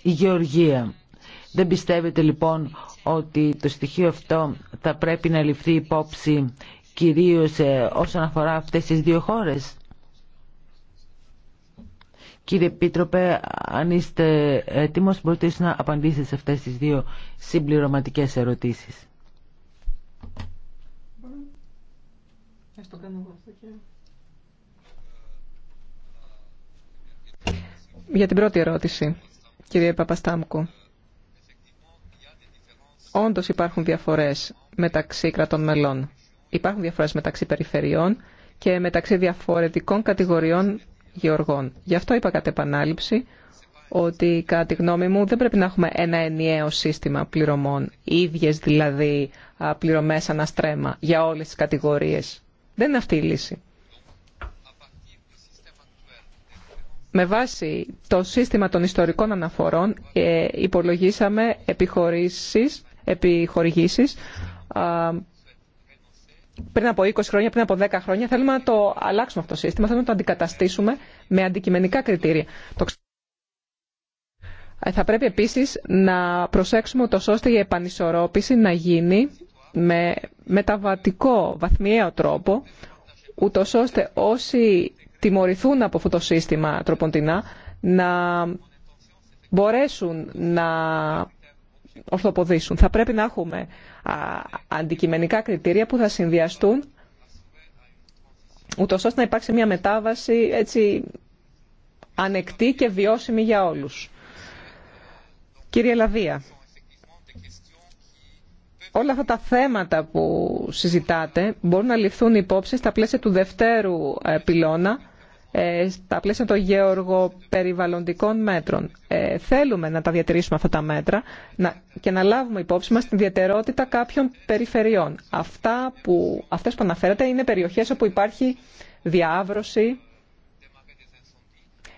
η γεωργία. Δεν πιστεύετε λοιπόν ότι το στοιχείο αυτό θα πρέπει να ληφθεί υπόψη κυρίως ε, όσον αφορά αυτές τις δύο χώρες. Κύριε Επίτροπε, αν είστε έτοιμος μπορείτε να απαντήσετε σε αυτές τις δύο συμπληρωματικές ερωτήσεις. για την πρώτη ερώτηση, κύριε Παπαστάμκου. Όντως υπάρχουν διαφορές μεταξύ κρατών μελών. Υπάρχουν διαφορές μεταξύ περιφερειών και μεταξύ διαφορετικών κατηγοριών γεωργών. Γι' αυτό είπα κατά επανάληψη ότι κατά τη γνώμη μου δεν πρέπει να έχουμε ένα ενιαίο σύστημα πληρωμών, ίδιες δηλαδή πληρωμές αναστρέμα για όλες τις κατηγορίες. Δεν είναι αυτή η λύση. Με βάση το σύστημα των ιστορικών αναφορών ε, υπολογίσαμε επιχορηγήσεις, πριν από 20 χρόνια, πριν από 10 χρόνια. Θέλουμε να το αλλάξουμε αυτό το σύστημα, θέλουμε να το αντικαταστήσουμε με αντικειμενικά κριτήρια. Ε, θα πρέπει επίσης να προσέξουμε το ώστε η επανισορρόπηση να γίνει με μεταβατικό, βαθμιαίο τρόπο, ώστε όσοι τιμωρηθούν από αυτό το σύστημα τροποντινά, να μπορέσουν να ορθοποδήσουν. Θα πρέπει να έχουμε αντικειμενικά κριτήρια που θα συνδυαστούν ούτως ώστε να υπάρξει μια μετάβαση έτσι ανεκτή και βιώσιμη για όλους. Κύριε Λαβία, όλα αυτά τα θέματα που συζητάτε μπορούν να ληφθούν υπόψη στα πλαίσια του δευτέρου ε, πυλώνα ε, στα πλαίσια των γεωργοπεριβαλλοντικών μέτρων. Ε, θέλουμε να τα διατηρήσουμε αυτά τα μέτρα και να λάβουμε υπόψη μας την ιδιαιτερότητα κάποιων περιφερειών. Αυτά που, αυτές που αναφέρατε είναι περιοχές όπου υπάρχει διάβρωση,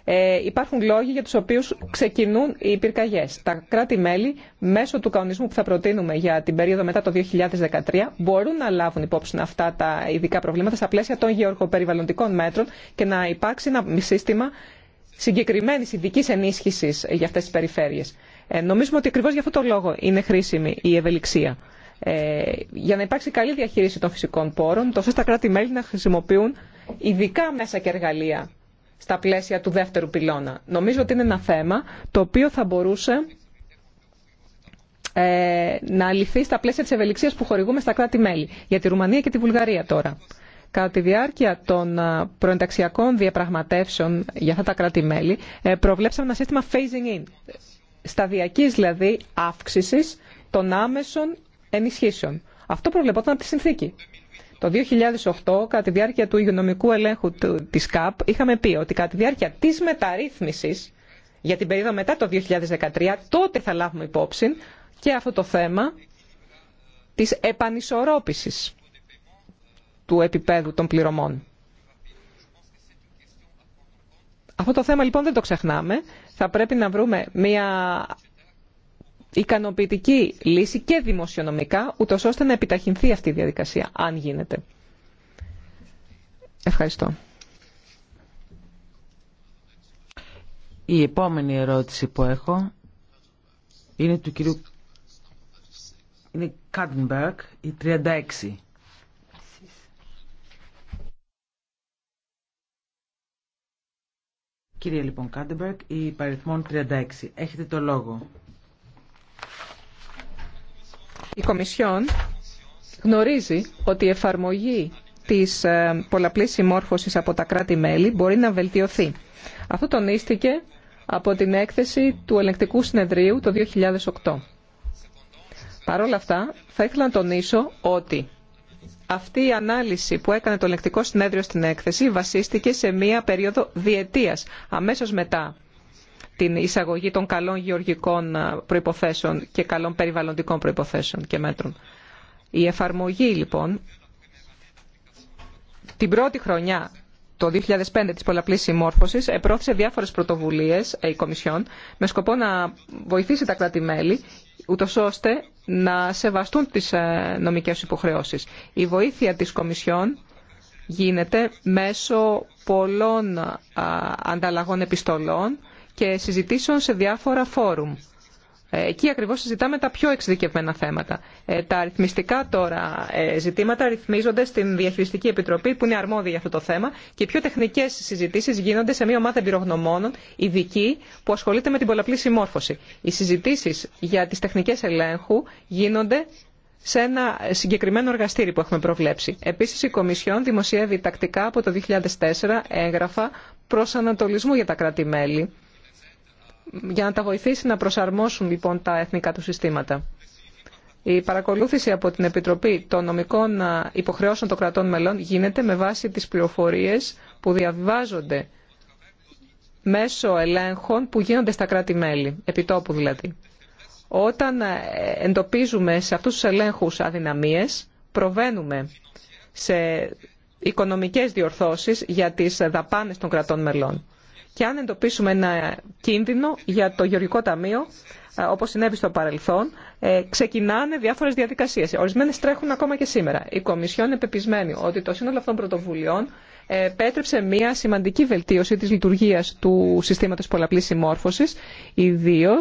ε, υπάρχουν λόγοι για τους οποίους ξεκινούν οι πυρκαγιές. Τα κράτη-μέλη, μέσω του κανονισμού που θα προτείνουμε για την περίοδο μετά το 2013, μπορούν να λάβουν υπόψη αυτά τα ειδικά προβλήματα στα πλαίσια των γεωργοπεριβαλλοντικών μέτρων και να υπάρξει ένα σύστημα συγκεκριμένη ειδική ενίσχυση για αυτέ τι περιφέρειες. Ε, νομίζουμε ότι ακριβώ για αυτό το λόγο είναι χρήσιμη η ευελιξία. Ε, για να υπάρξει καλή διαχείριση των φυσικών πόρων, τόσο στα κράτη-μέλη να χρησιμοποιούν ειδικά μέσα και εργαλεία στα πλαίσια του δεύτερου πυλώνα. Νομίζω ότι είναι ένα θέμα το οποίο θα μπορούσε ε, να λυθεί στα πλαίσια της ευελιξίας που χορηγούμε στα κράτη-μέλη. Για τη Ρουμανία και τη Βουλγαρία τώρα. Κατά τη διάρκεια των ε, προενταξιακών διαπραγματεύσεων για αυτά τα κράτη-μέλη ε, προβλέψαμε ένα σύστημα phasing in, σταδιακής δηλαδή αύξησης των άμεσων ενισχύσεων. Αυτό προβλεπόταν από τη συνθήκη. Το 2008, κατά τη διάρκεια του υγειονομικού ελέγχου της ΚΑΠ, είχαμε πει ότι κατά τη διάρκεια της μεταρρύθμισης για την περίοδο μετά το 2013, τότε θα λάβουμε υπόψη και αυτό το θέμα της επανισορρόπησης του επίπεδου των πληρωμών. Αυτό το θέμα λοιπόν δεν το ξεχνάμε. Θα πρέπει να βρούμε μια ικανοποιητική λύση και δημοσιονομικά, ούτω ώστε να επιταχυνθεί αυτή η διαδικασία, αν γίνεται. Ευχαριστώ. Η επόμενη ερώτηση που έχω είναι του κυρίου είναι Κάντενμπερκ, η 36. Κύριε λοιπόν Κάντεμπερκ, η παριθμόν 36. Έχετε το λόγο. Η Κομισιόν γνωρίζει ότι η εφαρμογή της ε, πολλαπλής συμμόρφωσης από τα κράτη-μέλη μπορεί να βελτιωθεί. Αυτό τονίστηκε από την έκθεση του Ελεκτικού Συνεδρίου το 2008. Παρ' όλα αυτά, θα ήθελα να τονίσω ότι αυτή η ανάλυση που έκανε το Ελεκτικό Συνέδριο στην έκθεση βασίστηκε σε μία περίοδο διετίας, αμέσως μετά την εισαγωγή των καλών γεωργικών ε, προϋποθέσεων και καλών περιβαλλοντικών προϋποθέσεων και μέτρων. Η εφαρμογή λοιπόν την πρώτη χρονιά το 2005 της πολλαπλής συμμόρφωσης επρόθεσε διάφορες πρωτοβουλίες ε, η Κομισιόν με σκοπό να βοηθήσει τα κράτη-μέλη ούτως ώστε να σεβαστούν τις ε, νομικές υποχρεώσεις. Η βοήθεια της Κομισιόν γίνεται μέσω πολλών ανταλλαγών επιστολών και συζητήσεων σε διάφορα φόρουμ. Ε, εκεί ακριβώς συζητάμε τα πιο εξειδικευμένα θέματα. Ε, τα αριθμιστικά τώρα ε, ζητήματα ρυθμίζονται στην Διαχειριστική Επιτροπή που είναι αρμόδια για αυτό το θέμα και οι πιο τεχνικές συζητήσεις γίνονται σε μια ομάδα εμπειρογνωμόνων ειδική που ασχολείται με την πολλαπλή συμμόρφωση. Οι συζητήσεις για τις τεχνικές ελέγχου γίνονται σε ένα συγκεκριμένο εργαστήρι που έχουμε προβλέψει. Επίσης, η Κομισιόν δημοσιεύει τακτικά από το 2004 έγγραφα ανατολισμού για τα κράτη-μέλη για να τα βοηθήσει να προσαρμόσουν λοιπόν τα εθνικά του συστήματα. Η παρακολούθηση από την Επιτροπή των νομικών ε, υποχρεώσεων των κρατών μελών γίνεται με βάση τις πληροφορίες που διαβάζονται μέσω ελέγχων που γίνονται στα κράτη-μέλη, επιτόπου δηλαδή. Όταν ε, εντοπίζουμε σε αυτούς τους ελέγχους αδυναμίες, προβαίνουμε σε οικονομικές διορθώσεις για τις δαπάνες των κρατών μελών. Και αν εντοπίσουμε ένα κίνδυνο για το Γεωργικό Ταμείο, ε, όπω συνέβη στο παρελθόν, ε, ξεκινάνε διάφορε διαδικασίε. Ορισμένε τρέχουν ακόμα και σήμερα. Η Κομισιόν είναι πεπισμένη ότι το σύνολο αυτών των πρωτοβουλειών επέτρεψε μια σημαντική βελτίωση τη λειτουργία του συστήματο πολλαπλή συμμόρφωση, ιδίω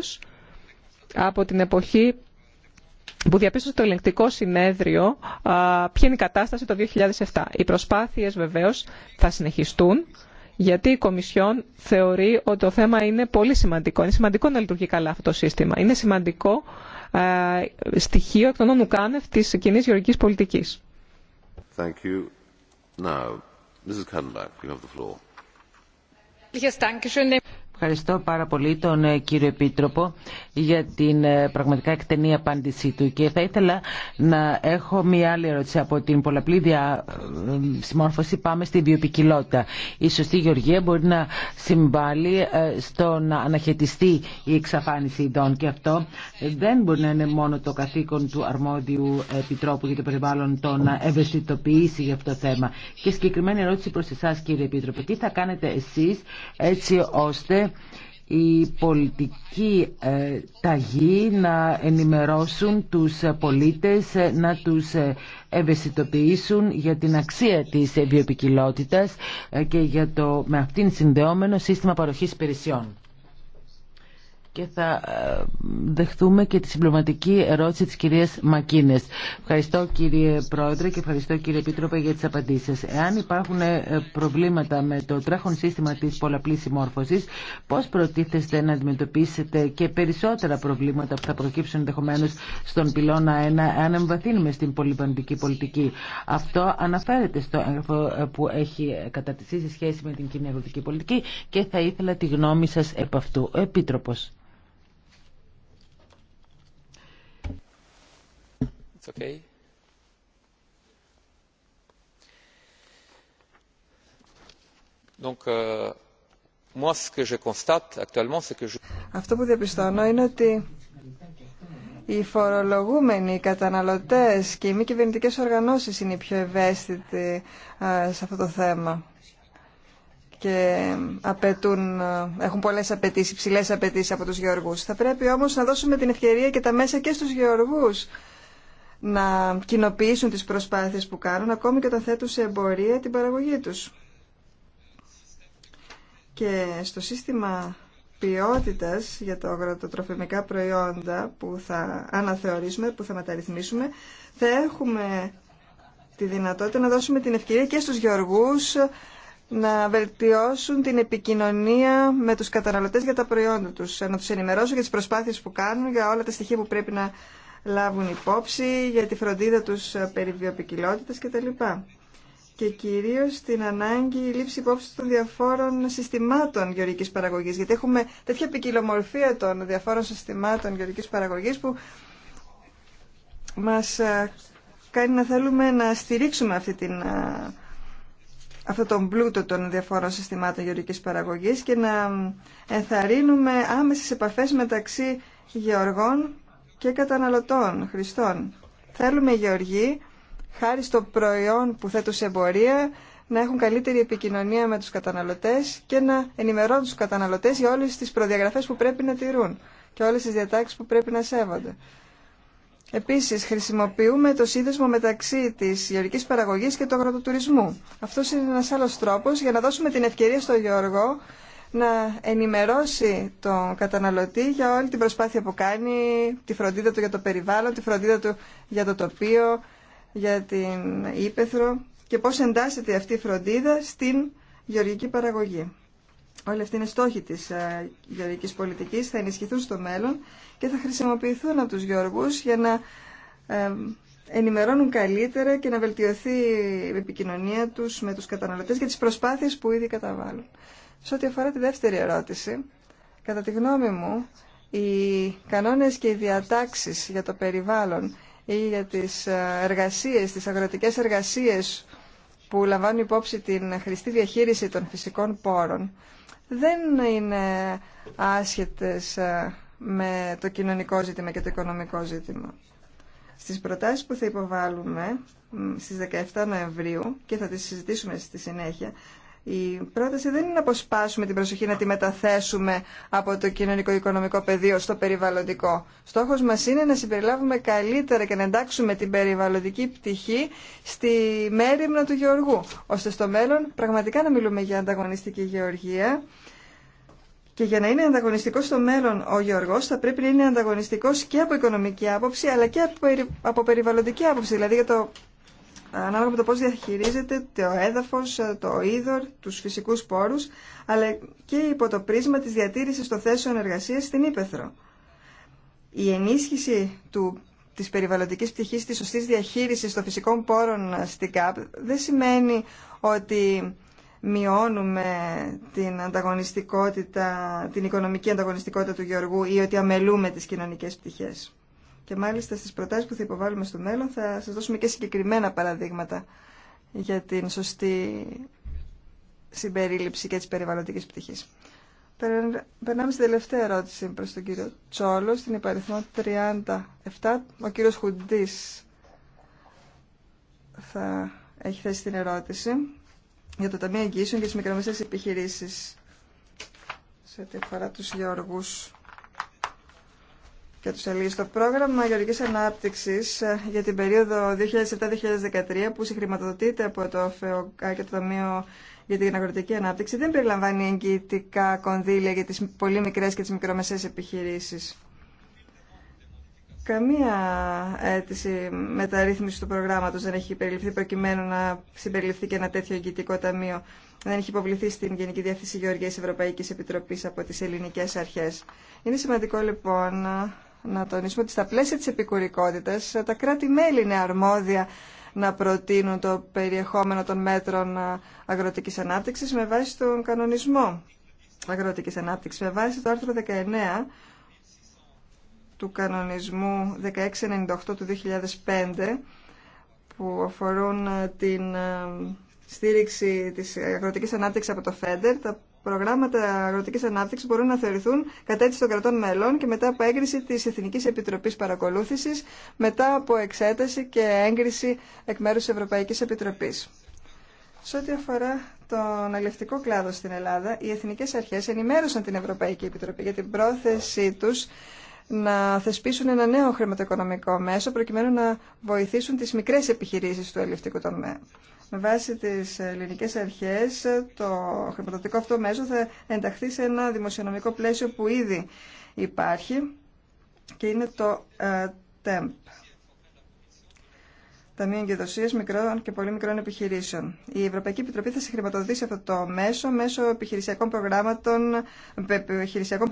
από την εποχή που διαπίστωσε το ελεγκτικό συνέδριο ποια είναι η κατάσταση το 2007. Οι προσπάθειες βεβαίως θα συνεχιστούν γιατί η Κομισιόν θεωρεί ότι το θέμα είναι πολύ σημαντικό. Είναι σημαντικό να λειτουργεί καλά αυτό το σύστημα. Είναι σημαντικό ε, στοιχείο εκ των όνου κάνευ της κοινή γεωργικής πολιτικής. Ευχαριστώ πάρα πολύ τον ε, κύριο Επίτροπο για την ε, πραγματικά εκτενή απάντησή του και θα ήθελα να έχω μία άλλη ερώτηση από την πολλαπλή δια... Ε, πάμε στη βιοπικιλότητα. Η σωστή γεωργία μπορεί να συμβάλλει στο να αναχαιτιστεί η εξαφάνιση ειδών και αυτό δεν μπορεί να είναι μόνο το καθήκον του αρμόδιου Επιτρόπου για το περιβάλλον το να ευαισθητοποιήσει για αυτό το θέμα. Και συγκεκριμένη ερώτηση προς εσάς κύριε Επίτροπο, τι θα κάνετε εσείς έτσι ώστε η πολιτική ε, ταγή να ενημερώσουν τους πολίτες, ε, να τους ε, ευαισθητοποιήσουν για την αξία της βιοπικιλότητας και για το με αυτήν συνδεόμενο σύστημα παροχής υπηρεσιών και θα ε, δεχθούμε και τη συμπληρωματική ερώτηση της κυρίας Μακίνες. Ευχαριστώ κύριε Πρόεδρε και ευχαριστώ κύριε Επίτροπε για τις απαντήσεις. Εάν υπάρχουν ε, προβλήματα με το τρέχον σύστημα της πολλαπλής συμμόρφωσης, πώς προτίθεστε να αντιμετωπίσετε και περισσότερα προβλήματα που θα προκύψουν ενδεχομένω στον πυλώνα 1, αν εμβαθύνουμε στην πολυπαντική πολιτική. Αυτό αναφέρεται στο έγγραφο ε, που έχει κατατηθεί σε σχέση με την κοινή πολιτική και θα ήθελα τη γνώμη σας επ' αυτού. Ο Επίτροπος. It's okay. Donc, euh, moi, ce que je constate actuellement, c'est que je... Αυτό που διαπιστώνω είναι ότι οι φορολογούμενοι, οι καταναλωτές και οι μη κυβερνητικέ οργανώσεις είναι οι πιο ευαίσθητοι σε αυτό το θέμα και ε, απαιτούν, ε, έχουν πολλές απαιτήσει, ψηλές απαιτήσει από τους γεωργούς. Θα πρέπει όμως να δώσουμε την ευκαιρία και τα μέσα και στους γεωργούς να κοινοποιήσουν τις προσπάθειες που κάνουν ακόμη και όταν θέτουν σε εμπορία την παραγωγή τους. Και στο σύστημα ποιότητας για τα αγροτοτροφημικά προϊόντα που θα αναθεωρήσουμε, που θα μεταρρυθμίσουμε, θα έχουμε τη δυνατότητα να δώσουμε την ευκαιρία και στους γεωργούς να βελτιώσουν την επικοινωνία με τους καταναλωτές για τα προϊόντα τους, να τους ενημερώσουν για τις προσπάθειες που κάνουν, για όλα τα στοιχεία που πρέπει να λάβουν υπόψη για τη φροντίδα τους περί βιοπικιλότητας κτλ. Και κυρίως την ανάγκη λήψη υπόψη των διαφόρων συστημάτων γεωργικής παραγωγής. Γιατί έχουμε τέτοια ποικιλομορφία των διαφόρων συστημάτων γεωργικής παραγωγής που μας ε, κάνει να θέλουμε να στηρίξουμε αυτή την, ε, αυτό τον πλούτο των διαφόρων συστημάτων γεωργικής παραγωγής και να ενθαρρύνουμε άμεσες επαφές μεταξύ γεωργών και καταναλωτών, χρηστών. Θέλουμε οι γεωργοί, χάρη στο προϊόν που θέτουν σε εμπορία, να έχουν καλύτερη επικοινωνία με τους καταναλωτές και να ενημερώνουν τους καταναλωτές για όλες τις προδιαγραφές που πρέπει να τηρούν και όλες τις διατάξεις που πρέπει να σέβονται. Επίσης, χρησιμοποιούμε το σύνδεσμο μεταξύ της γεωργικής παραγωγής και του αγροτοτουρισμού. Αυτό είναι ένας άλλος τρόπος για να δώσουμε την ευκαιρία στο γεωργό να ενημερώσει τον καταναλωτή για όλη την προσπάθεια που κάνει, τη φροντίδα του για το περιβάλλον, τη φροντίδα του για το τοπίο, για την ύπεθρο και πώς εντάσσεται αυτή η φροντίδα στην γεωργική παραγωγή. Όλοι αυτοί είναι στόχοι της ε, γεωργικής πολιτικής, θα ενισχυθούν στο μέλλον και θα χρησιμοποιηθούν από τους γεωργούς για να ε, ενημερώνουν καλύτερα και να βελτιωθεί η επικοινωνία τους με τους καταναλωτές για τις προσπάθειες που ήδη καταβάλουν. Σε ό,τι αφορά τη δεύτερη ερώτηση, κατά τη γνώμη μου, οι κανόνες και οι διατάξεις για το περιβάλλον ή για τις ε, εργασίες, τις αγροτικές εργασίες που λαμβάνουν υπόψη την χρηστή διαχείριση των φυσικών πόρων δεν είναι άσχετες ε, με το κοινωνικό ζήτημα και το οικονομικό ζήτημα. Στις προτάσεις που θα υποβάλουμε στις 17 Νοεμβρίου και θα τις συζητήσουμε στη συνέχεια, η πρόταση δεν είναι να αποσπάσουμε την προσοχή, να τη μεταθέσουμε από το κοινωνικό-οικονομικό πεδίο στο περιβαλλοντικό. Στόχος μας είναι να συμπεριλάβουμε καλύτερα και να εντάξουμε την περιβαλλοντική πτυχή στη μέρημνα του γεωργού, ώστε στο μέλλον πραγματικά να μιλούμε για ανταγωνιστική γεωργία. Και για να είναι ανταγωνιστικό στο μέλλον ο Γεωργός θα πρέπει να είναι ανταγωνιστικός και από οικονομική άποψη αλλά και από περιβαλλοντική άποψη, δηλαδή για το ανάλογα με το πώς διαχειρίζεται το έδαφος, το είδωρ, τους φυσικούς πόρους, αλλά και υπό το πρίσμα της διατήρησης των θέσεων εργασίας στην Ήπεθρο. Η ενίσχυση του, της περιβαλλοντικής πτυχής της σωστής διαχείρισης των φυσικών πόρων στην ΚΑΠ δεν σημαίνει ότι μειώνουμε την ανταγωνιστικότητα, την οικονομική ανταγωνιστικότητα του Γεωργού ή ότι αμελούμε τις κοινωνικές πτυχές. Και μάλιστα στις προτάσεις που θα υποβάλουμε στο μέλλον θα σας δώσουμε και συγκεκριμένα παραδείγματα για την σωστή συμπερίληψη και της περιβαλλοντικής πτυχής. Περνάμε στην τελευταία ερώτηση προς τον κύριο Τσόλο, στην υπαριθμό 37. Ο κύριος Χουντής θα έχει θέσει την ερώτηση για το Ταμείο Εγγύσεων και τις μικρομεσαίες επιχειρήσεις σε ό,τι αφορά τους γεωργούς και Το πρόγραμμα γεωργικής ανάπτυξης ε, για την περίοδο 2007-2013 που συγχρηματοδοτείται από το ΦΕΟΚΑ και το Ταμείο για την Αγροτική Ανάπτυξη δεν περιλαμβάνει εγγυητικά κονδύλια για τις πολύ μικρές και τις μικρομεσαίες επιχειρήσεις. Καμία αίτηση μεταρρύθμιση του προγράμματος δεν έχει περιληφθεί προκειμένου να συμπεριληφθεί και ένα τέτοιο εγγυητικό ταμείο. Δεν έχει υποβληθεί στην Γενική Διεύθυνση Γεωργίας Ευρωπαϊκή Επιτροπή από τι ελληνικέ αρχέ. Είναι σημαντικό λοιπόν να τονίσουμε ότι στα πλαίσια της επικουρικότητας ε, τα κράτη-μέλη είναι αρμόδια να προτείνουν το περιεχόμενο των μέτρων ε, αγροτικής ανάπτυξης με βάση τον κανονισμό αγροτικής ανάπτυξης. Με βάση το άρθρο 19 του κανονισμού 1698 του 2005 που αφορούν ε, την στήριξη της αγροτικής ανάπτυξης από το ΦΕΝΤΕΡ, τα προγράμματα αγροτική ανάπτυξη μπορούν να θεωρηθούν κατέτηση των κρατών μελών και μετά από έγκριση τη Εθνική Επιτροπής παρακολούθηση, μετά από εξέταση και έγκριση εκ μέρου τη Ευρωπαϊκής Επιτροπής. Σε ό,τι αφορά τον αλληλευτικό κλάδο στην Ελλάδα, οι εθνικέ αρχέ ενημέρωσαν την Ευρωπαϊκή Επιτροπή για την πρόθεσή του να θεσπίσουν ένα νέο χρηματοοικονομικό μέσο προκειμένου να βοηθήσουν τις μικρές επιχειρήσεις του αλληλευτικού τομέα. Με βάση τις ελληνικές αρχές, το χρηματοδοτικό αυτό μέσο θα ενταχθεί σε ένα δημοσιονομικό πλαίσιο που ήδη υπάρχει και είναι το TEMP. Ε, Ταμείο Εγκαιδοσία Μικρών και Πολύ Μικρών Επιχειρήσεων. Η Ευρωπαϊκή Επιτροπή θα συγχρηματοδοτήσει αυτό το μέσο μέσω επιχειρησιακών προγραμμάτων, επιχειρησιακών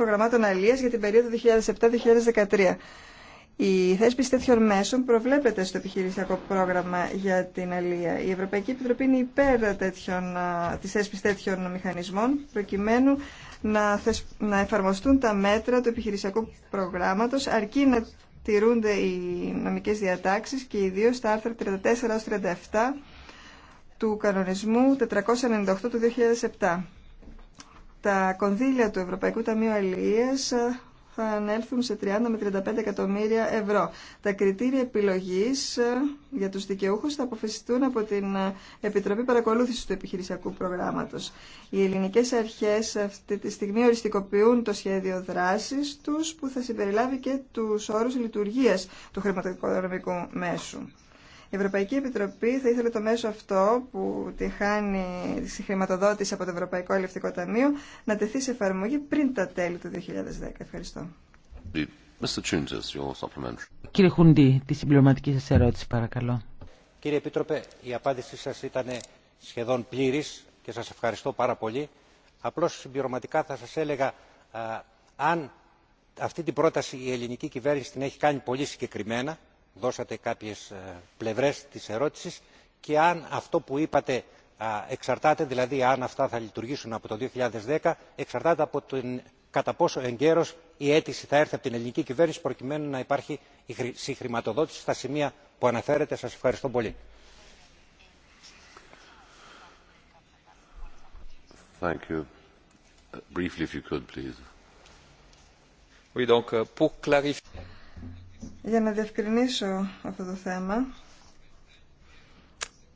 για την περίοδο 2007-2013. Η θέσπιση τέτοιων μέσων προβλέπεται στο επιχειρησιακό πρόγραμμα για την Αλία. Η Ευρωπαϊκή Επιτροπή είναι υπέρ τέτοιων, της θέσπισης τέτοιων μηχανισμών προκειμένου να, να εφαρμοστούν τα μέτρα του επιχειρησιακού προγράμματος αρκεί να τηρούνται οι νομικές διατάξεις και ιδίω τα άρθρα 34-37 του κανονισμού 498 του 2007. Τα κονδύλια του Ευρωπαϊκού Ταμείου Αλληλείας θα ανέλθουν σε 30 με 35 εκατομμύρια ευρώ. Τα κριτήρια επιλογής ε, για τους δικαιούχους θα αποφασιστούν από την ε, Επιτροπή Παρακολούθησης του Επιχειρησιακού Προγράμματος. Οι ελληνικές αρχές αυτή τη στιγμή οριστικοποιούν το σχέδιο δράσης τους που θα συμπεριλάβει και τους όρους λειτουργίας του χρηματοοικονομικού μέσου. Η Ευρωπαϊκή Επιτροπή θα ήθελε το μέσο αυτό που τη χάνει τη χρηματοδότηση από το Ευρωπαϊκό Ελευτικό Ταμείο να τεθεί σε εφαρμογή πριν τα τέλη του 2010. Ευχαριστώ. Κύριε Χουντή, τη συμπληρωματική σα ερώτηση παρακαλώ. Κύριε Επίτροπε, η απάντησή σα ήταν σχεδόν πλήρη και σα ευχαριστώ πάρα πολύ. Απλώ συμπληρωματικά θα σα έλεγα αν αυτή την πρόταση η ελληνική κυβέρνηση την έχει κάνει πολύ συγκεκριμένα δώσατε κάποιες ε, πλευρές της ερώτησης και αν αυτό που είπατε εξαρτάται, δηλαδή αν αυτά θα λειτουργήσουν από το 2010, εξαρτάται από κατά πόσο εγκαίρως η αίτηση θα έρθει από την ελληνική κυβέρνηση προκειμένου να υπάρχει η συγχρηματοδότηση στα σημεία που αναφέρετε. Σας ευχαριστώ πολύ. Για να διευκρινίσω αυτό το θέμα,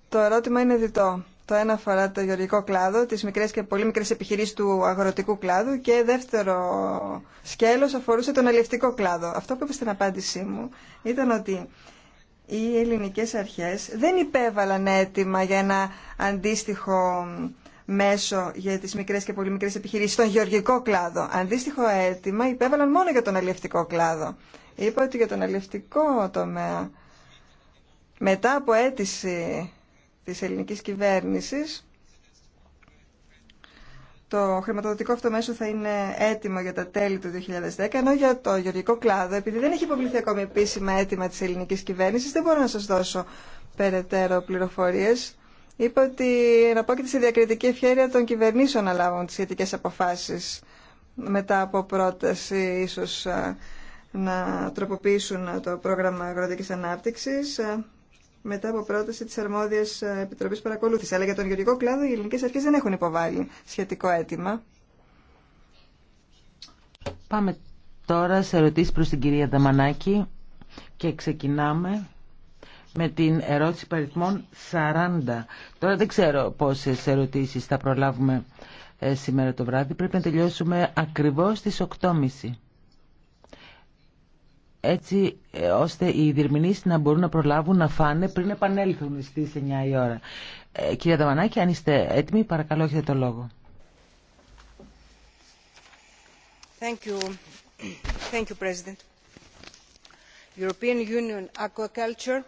το ερώτημα είναι διτό. Το ένα αφορά το γεωργικό κλάδο, τις μικρές και πολύ μικρές επιχειρήσεις του αγροτικού κλάδου και δεύτερο σκέλος αφορούσε τον αλληλευτικό κλάδο. Αυτό που είπα στην απάντησή μου ήταν ότι οι ελληνικές αρχές δεν υπέβαλαν αίτημα για ένα αντίστοιχο μέσο για τις μικρές και πολύ μικρές επιχειρήσεις στον γεωργικό κλάδο. Αντίστοιχο αίτημα υπέβαλαν μόνο για τον αλληλευτικό κλάδο είπα ότι για τον αλληλευτικό τομέα μετά από αίτηση της ελληνικής κυβέρνησης το χρηματοδοτικό αυτό μέσο θα είναι έτοιμο για τα τέλη του 2010, ενώ για το γεωργικό κλάδο, επειδή δεν έχει υποβληθεί ακόμη επίσημα αίτημα της ελληνικής κυβέρνησης, δεν μπορώ να σας δώσω περαιτέρω πληροφορίες. Είπα ότι εναπόκειται σε διακριτική ευχαίρεια των κυβερνήσεων να λάβουν τις σχετικές αποφάσεις μετά από πρόταση ίσως να τροποποιήσουν το πρόγραμμα Αγροτική ανάπτυξη ε, μετά από πρόταση τη αρμόδια ε, επιτροπή παρακολούθηση. Αλλά για τον γεωργικό κλάδο οι ελληνικέ αρχέ δεν έχουν υποβάλει σχετικό αίτημα. Πάμε τώρα σε ερωτήσει προ την κυρία Δαμανάκη και ξεκινάμε με την ερώτηση παριθμών 40. Τώρα δεν ξέρω πόσε ερωτήσει θα προλάβουμε ε, σήμερα το βράδυ. Πρέπει να τελειώσουμε ακριβώς στις 8.30 έτσι ε, ώστε οι διερμηνείς να μπορούν να προλάβουν να φάνε πριν επανέλθουν στις 9 η ώρα. Ε, κύριε Δαμανάκη, αν είστε έτοιμοι, παρακαλώ έχετε το λόγο. Thank you. Thank you, President. European Union Aquaculture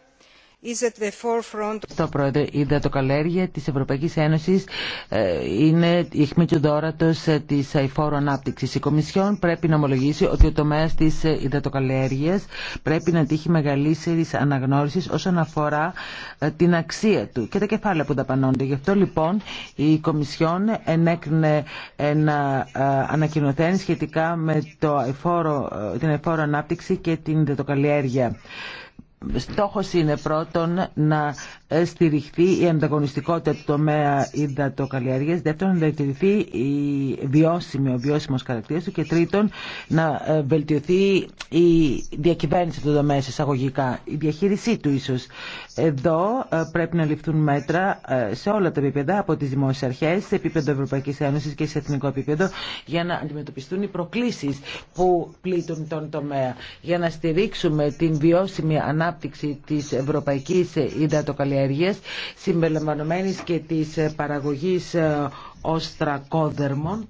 στο πρόεδρε, η υδατοκαλλιέργεια της Ευρωπαϊκής Ένωσης ε, είναι η αιχμή του δόρατος ε, της αηφόρου ανάπτυξης. Η Κομισιόν πρέπει να ομολογήσει ότι ο τομέας της ε, υδατοκαλλιέργειας πρέπει να τύχει μεγαλύτερης αναγνώρισης όσον αφορά την αξία του και τα κεφάλαια που ταπανώνται. Γι' αυτό λοιπόν η Κομισιόν ενέκρινε ένα ανακοινωθέν σχετικά με το αηφόρο, την αηφόρο ανάπτυξη και την υδατοκαλλιέργεια στόχος είναι πρώτον να στηριχθεί η ανταγωνιστικότητα του τομέα υδατοκαλλιέργεια. δεύτερον να διατηρηθεί η βιώσιμη, ο βιώσιμο χαρακτήρα του και τρίτον να ε, βελτιωθεί η διακυβέρνηση του τομέα εισαγωγικά, η διαχείρισή του ίσω. Εδώ ε, πρέπει να ληφθούν μέτρα ε, σε όλα τα επίπεδα, από τι δημόσιες αρχέ σε επίπεδο Ευρωπαϊκή Ένωση και σε εθνικό επίπεδο, για να αντιμετωπιστούν οι προκλήσει που πλήττουν τον τομέα, για να στηρίξουμε την βιώσιμη ανάπτυξη τη Ευρωπαϊκή υδατοκαλλιέργεια καλλιέργειας συμπεριλαμβανομένης και της ε, παραγωγής οστρακόδερμων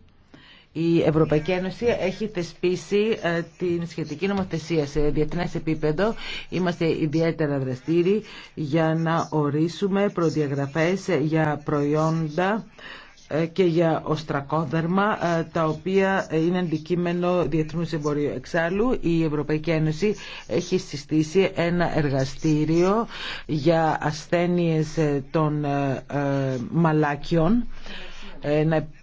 η Ευρωπαϊκή Ένωση έχει θεσπίσει ε, την σχετική νομοθεσία σε διεθνές επίπεδο. Είμαστε ιδιαίτερα δραστήριοι για να ορίσουμε προδιαγραφές για προϊόντα ε, και για οστρακόδερμα ε, τα οποία είναι αντικείμενο διεθνού εμπορίου. Εξάλλου η Ευρωπαϊκή Ένωση έχει συστήσει ένα εργαστήριο για ασθένειες ε, των μαλάκιων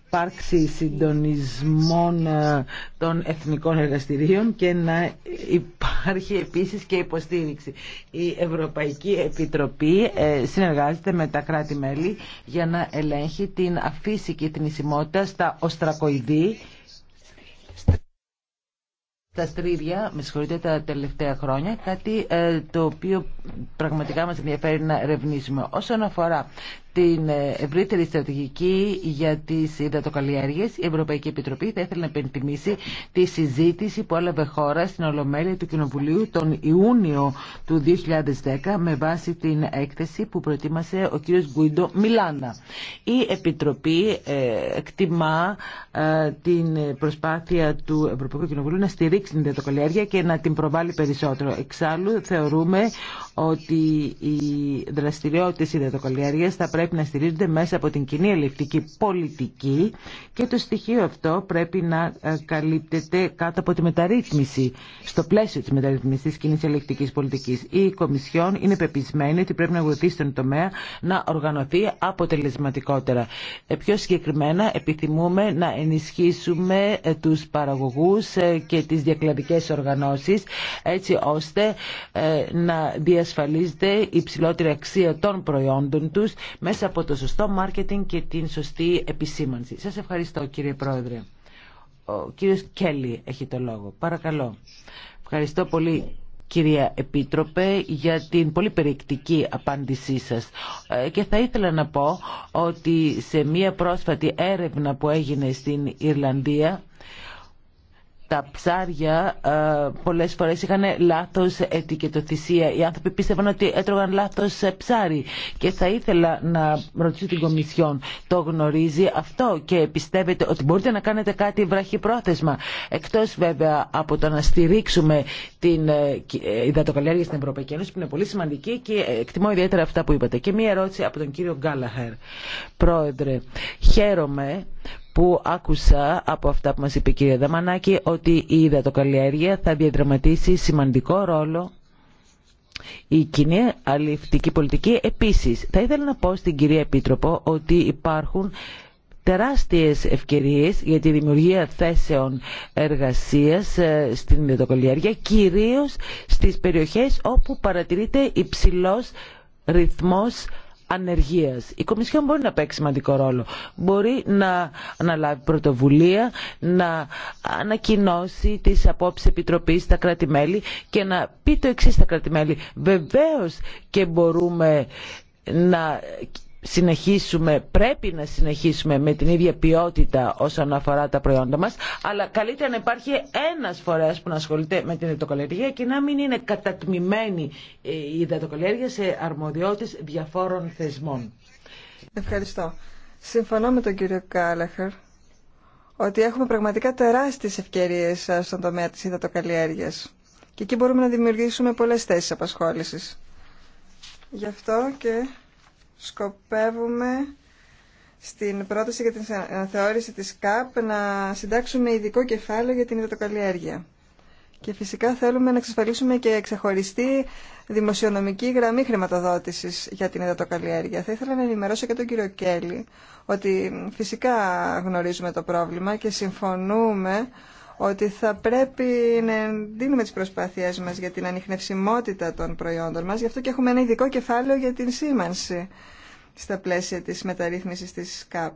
υπάρξει συντονισμών ε, των εθνικών εργαστηρίων και να υπάρχει επίσης και υποστήριξη. Η Ευρωπαϊκή Επιτροπή ε, συνεργάζεται με τα κράτη-μέλη για να ελέγχει την αφύσικη θνησιμότητα την στα οστρακοειδή τα στρίδια, με συγχωρείτε, τα τελευταία χρόνια, κάτι ε, το οποίο πραγματικά μας ενδιαφέρει να ερευνήσουμε. Όσον αφορά την ευρύτερη στρατηγική για τις υδατοκαλλιέργειες, η Ευρωπαϊκή Επιτροπή θα ήθελε να επενθυμίσει τη συζήτηση που έλαβε χώρα στην Ολομέλεια του Κοινοβουλίου τον Ιούνιο του 2010 με βάση την έκθεση που προετοίμασε ο κ. Γκουίντο Μιλάνα. Η Επιτροπή ε, εκτιμά ε, την προσπάθεια του Ευρωπαϊκού Κοινοβουλίου να στηρίξει την υδατοκαλλιέργεια και να την προβάλλει περισσότερο. Εξάλλου θεωρούμε ότι οι δραστηριότητες υδατοκαλλιέργειας θα πρέπει πρέπει να στηρίζονται μέσα από την κοινή ελευτική πολιτική και το στοιχείο αυτό πρέπει να ε, καλύπτεται κάτω από τη μεταρρύθμιση, στο πλαίσιο τη μεταρρύθμισης τη κοινή ελευτικής πολιτική. Η Κομισιόν είναι πεπισμένη ότι πρέπει να βοηθήσει τον τομέα να οργανωθεί αποτελεσματικότερα. Ε, πιο συγκεκριμένα επιθυμούμε να ενισχύσουμε ε, τους παραγωγούς και τι διακλαδικές οργανώσει, έτσι ώστε να διασφαλίζεται η υψηλότερη αξία των προϊόντων τους από το σωστό μάρκετινγκ και την σωστή επισήμανση. Σας ευχαριστώ κύριε Πρόεδρε. Ο κύριος Κέλλη έχει το λόγο. Παρακαλώ. Ευχαριστώ πολύ κυρία Επίτροπε για την πολύ περιεκτική απάντησή σας ε, και θα ήθελα να πω ότι σε μία πρόσφατη έρευνα που έγινε στην Ιρλανδία τα ψάρια ε, πολλές φορές είχαν λάθος ετικετοθυσία. Οι άνθρωποι πίστευαν ότι έτρωγαν λάθος ψάρι και θα ήθελα να ρωτήσω την Κομισιόν. Το γνωρίζει αυτό και πιστεύετε ότι μπορείτε να κάνετε κάτι βραχυπρόθεσμα. Εκτός βέβαια από το να στηρίξουμε την ε, ε, υδατοκαλλιέργεια στην Ευρωπαϊκή Ένωση που είναι πολύ σημαντική και εκτιμώ ιδιαίτερα αυτά που είπατε. Και μία ερώτηση από τον κύριο Γκάλαχερ. Πρόεδρε, χαίρομαι που άκουσα από αυτά που μας είπε η κυρία Δαμανάκη ότι η υδατοκαλλιέργεια θα διαδραματίσει σημαντικό ρόλο η κοινή αληφτική πολιτική. Επίσης, θα ήθελα να πω στην κυρία Επίτροπο ότι υπάρχουν τεράστιες ευκαιρίες για τη δημιουργία θέσεων εργασίας ε, στην υδατοκαλλιέργεια κυρίως στις περιοχές όπου παρατηρείται υψηλός ρυθμός ανεργίας. Η Κομισιόν μπορεί να παίξει σημαντικό ρόλο. Μπορεί να αναλάβει πρωτοβουλία, να ανακοινώσει τις απόψεις επιτροπής στα κράτη-μέλη και να πει το εξής στα κράτη-μέλη. Βεβαίως και μπορούμε να συνεχίσουμε, πρέπει να συνεχίσουμε με την ίδια ποιότητα όσον αφορά τα προϊόντα μας, αλλά καλύτερα να υπάρχει ένας φορέας που να ασχολείται με την υδατοκαλλιέργεια και να μην είναι κατατμημένη ε, η υδατοκαλλιέργεια σε αρμοδιότητες διαφόρων θεσμών. Ευχαριστώ. Συμφωνώ με τον κύριο Κάλαχερ ότι έχουμε πραγματικά τεράστιες ευκαιρίες ε, στον τομέα της υδατοκαλλιέργειας και εκεί μπορούμε να δημιουργήσουμε πολλές θέσεις απασχόλησης. Γι' αυτό και σκοπεύουμε στην πρόταση για την αναθεώρηση της ΚΑΠ να συντάξουμε ειδικό κεφάλαιο για την υδατοκαλλιέργεια. Και φυσικά θέλουμε να εξασφαλίσουμε και εξεχωριστή δημοσιονομική γραμμή χρηματοδότησης για την υδατοκαλλιέργεια. Θα ήθελα να ενημερώσω και τον κύριο Κέλλη ότι φυσικά γνωρίζουμε το πρόβλημα και συμφωνούμε ότι θα πρέπει να δίνουμε τις προσπάθειές μας για την ανιχνευσιμότητα των προϊόντων μας. Γι' αυτό και έχουμε ένα ειδικό κεφάλαιο για την σήμανση στα πλαίσια της μεταρρύθμισης της ΚΑΠ.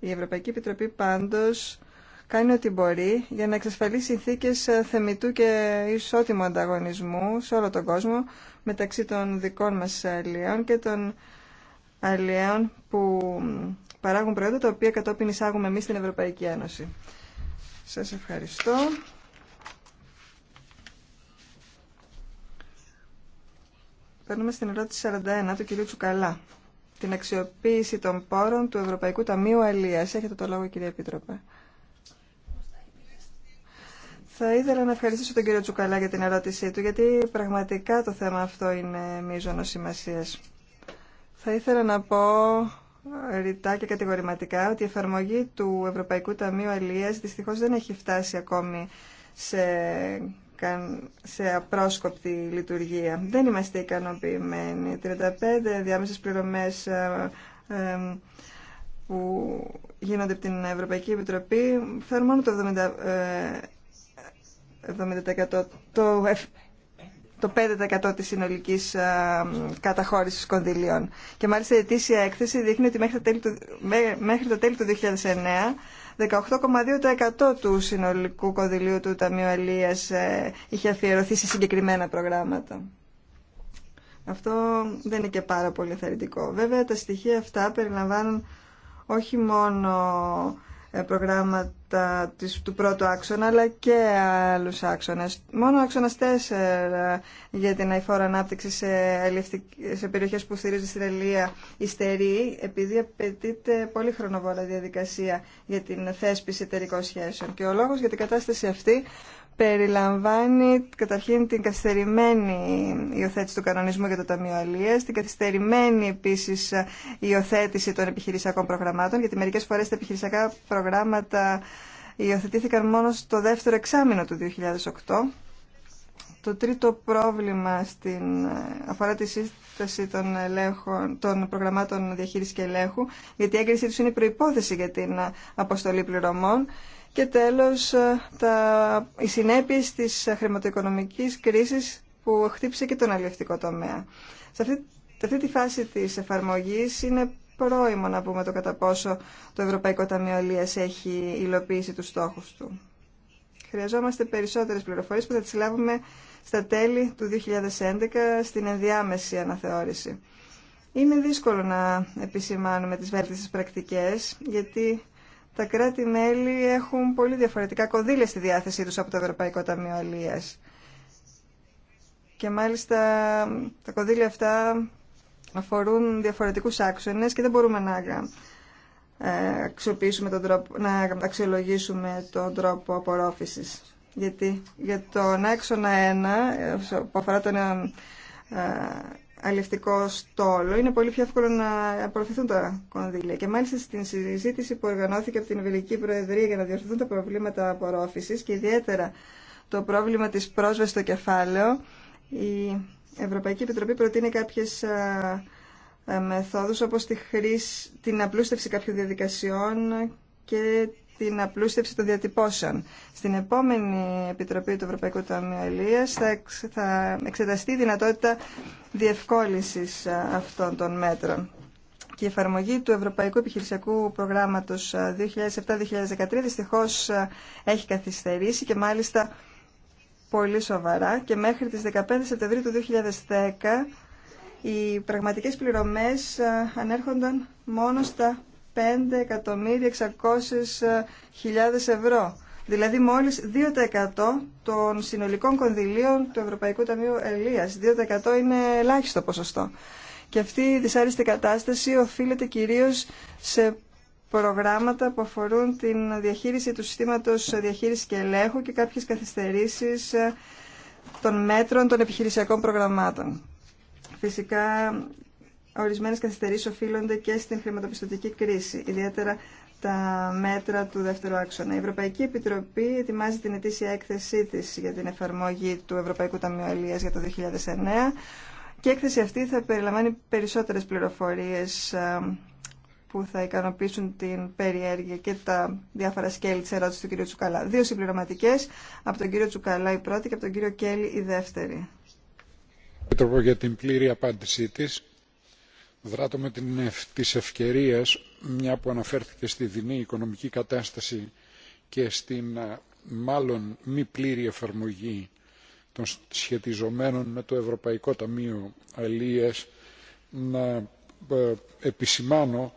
Η Ευρωπαϊκή Επιτροπή πάντως κάνει ό,τι μπορεί για να εξασφαλίσει συνθήκες θεμητού και ισότιμου ανταγωνισμού σε όλο τον κόσμο μεταξύ των δικών μας αλλιέων και των αλλιέων που παράγουν προϊόντα τα οποία κατόπιν εισάγουμε εμείς στην Ευρωπαϊκή Ένωση. Σας ευχαριστώ. Παίρνουμε στην ερώτηση 41 του κυρίου Τσουκαλά. Την αξιοποίηση των πόρων του Ευρωπαϊκού Ταμείου Αλίας. Έχετε το λόγο κυρία Επίτροπε. Θα ήθελα να ευχαριστήσω τον κύριο Τσουκαλά για την ερώτησή του, γιατί πραγματικά το θέμα αυτό είναι μείζονο σημασίας. Θα ήθελα να πω ρητά και κατηγορηματικά ότι η εφαρμογή του Ευρωπαϊκού Ταμείου Αλίας δυστυχώς δεν έχει φτάσει ακόμη σε, σε απρόσκοπτη λειτουργία. Δεν είμαστε ικανοποιημένοι. 35 διάμεσες πληρωμές ε, ε, που γίνονται από την Ευρωπαϊκή Επιτροπή φέρουν μόνο το 70%. 70%. Ε, το το 5% της συνολικής ε, καταχώρησης κονδυλίων. Και μάλιστα η ετήσια έκθεση δείχνει ότι μέχρι το τέλη του, μέχρι το τέλη του 2009 18,2% του συνολικού κονδυλίου του Ταμείου Αλίας ε, είχε αφιερωθεί σε συγκεκριμένα προγράμματα. Αυτό δεν είναι και πάρα πολύ θεαρητικό. Βέβαια τα στοιχεία αυτά περιλαμβάνουν όχι μόνο ε, προγράμματα τα, της, του πρώτου άξονα αλλά και άλλους άξονες. Μόνο άξονας 4 για την αηφόρα ανάπτυξη σε, σε περιοχές που στηρίζονται στην Ελία υστερεί επειδή απαιτείται πολύ χρονοβόλα διαδικασία για την θέσπιση εταιρικών σχέσεων. Και ο λόγος για την κατάσταση αυτή περιλαμβάνει καταρχήν την καθυστερημένη υιοθέτηση του κανονισμού για το Ταμείο Αλίας, την καθυστερημένη επίσης υιοθέτηση των επιχειρησιακών προγραμμάτων, γιατί μερικές φορές τα επιχειρησιακά προγράμματα υιοθετήθηκαν μόνο στο δεύτερο εξάμεινο του 2008. Το τρίτο πρόβλημα στην, αφορά τη σύσταση των, ελέγχων, των προγραμμάτων διαχείρισης και ελέγχου, γιατί η έγκρισή τους είναι η προϋπόθεση για την αποστολή πληρωμών. Και τέλος, τα, οι συνέπειες της χρηματοοικονομικής κρίσης που χτύπησε και τον αλληλευτικό τομέα. Σε αυτή, σε αυτή τη φάση της εφαρμογής είναι να πούμε το κατά πόσο το Ευρωπαϊκό Ταμείο έχει υλοποιήσει τους στόχους του. Χρειαζόμαστε περισσότερες πληροφορίες που θα τις λάβουμε στα τέλη του 2011 στην ενδιάμεση αναθεώρηση. Είναι δύσκολο να επισημάνουμε τις βέλτιστες πρακτικές, γιατί τα κράτη-μέλη έχουν πολύ διαφορετικά κονδύλια στη διάθεσή τους από το Ευρωπαϊκό Ταμείο Αλίας. Και μάλιστα τα κονδύλια αυτά αφορούν διαφορετικούς άξονες και δεν μπορούμε να ε, αξιοποιήσουμε τον τρόπο, να αξιολογήσουμε τον τρόπο απορρόφησης. Γιατί για τον άξονα 1 ε, που αφορά τον ε, αλευτικό στόλο είναι πολύ πιο εύκολο να απορροφηθούν τα κονδύλια. Και μάλιστα στην συζήτηση που οργανώθηκε από την Βελική Προεδρία για να διορθωθούν τα προβλήματα απορρόφησης και ιδιαίτερα το πρόβλημα της πρόσβασης στο κεφάλαιο, η η Ευρωπαϊκή Επιτροπή προτείνει κάποιες ε, ε, μεθόδους όπως τη χρήση, την απλούστευση κάποιων διαδικασιών και την απλούστευση των διατυπώσεων. Στην επόμενη Επιτροπή του Ευρωπαϊκού Ταμείου θα, εξεταστεί η δυνατότητα διευκόλυνσης ε, αυτών των μέτρων. Και η εφαρμογή του Ευρωπαϊκού Επιχειρησιακού Προγράμματος 2007-2013 δυστυχώς έχει καθυστερήσει και μάλιστα πολύ σοβαρά και μέχρι τις 15 Σεπτεμβρίου του 2010 οι πραγματικές πληρωμές ε, ανέρχονταν μόνο στα 5.600.000 ε, ευρώ, δηλαδή μόλις 2% των συνολικών κονδυλίων του Ευρωπαϊκού Ταμείου Ελίας. 2% είναι ελάχιστο ποσοστό. Και αυτή η δυσάριστη κατάσταση οφείλεται κυρίως σε προγράμματα που αφορούν την διαχείριση του συστήματος διαχείρισης και ελέγχου και κάποιες καθυστερήσεις ε, των μέτρων των επιχειρησιακών προγραμμάτων. Φυσικά, ορισμένες καθυστερήσεις οφείλονται και στην χρηματοπιστωτική κρίση, ιδιαίτερα τα μέτρα του δεύτερου άξονα. Η Ευρωπαϊκή Επιτροπή ετοιμάζει την ετήσια έκθεσή της για την εφαρμογή του Ευρωπαϊκού Ταμείου Αλίας για το 2009 και η έκθεση αυτή θα περιλαμβάνει περισσότερες πληροφορίες ε, που θα ικανοποιήσουν την περιέργεια και τα διάφορα σκέλη τη ερώτηση του κυρίου Τσουκαλά. Δύο συμπληρωματικές, από τον κύριο Τσουκαλά η πρώτη και από τον κύριο Κέλλη η δεύτερη. Επιτροπώ για την πλήρη απάντησή της. Δράτω με την της μια που αναφέρθηκε στη δεινή οικονομική κατάσταση και στην μάλλον μη πλήρη εφαρμογή των σχετιζομένων με το Ευρωπαϊκό Ταμείο Αλίες να ε, επισημάνω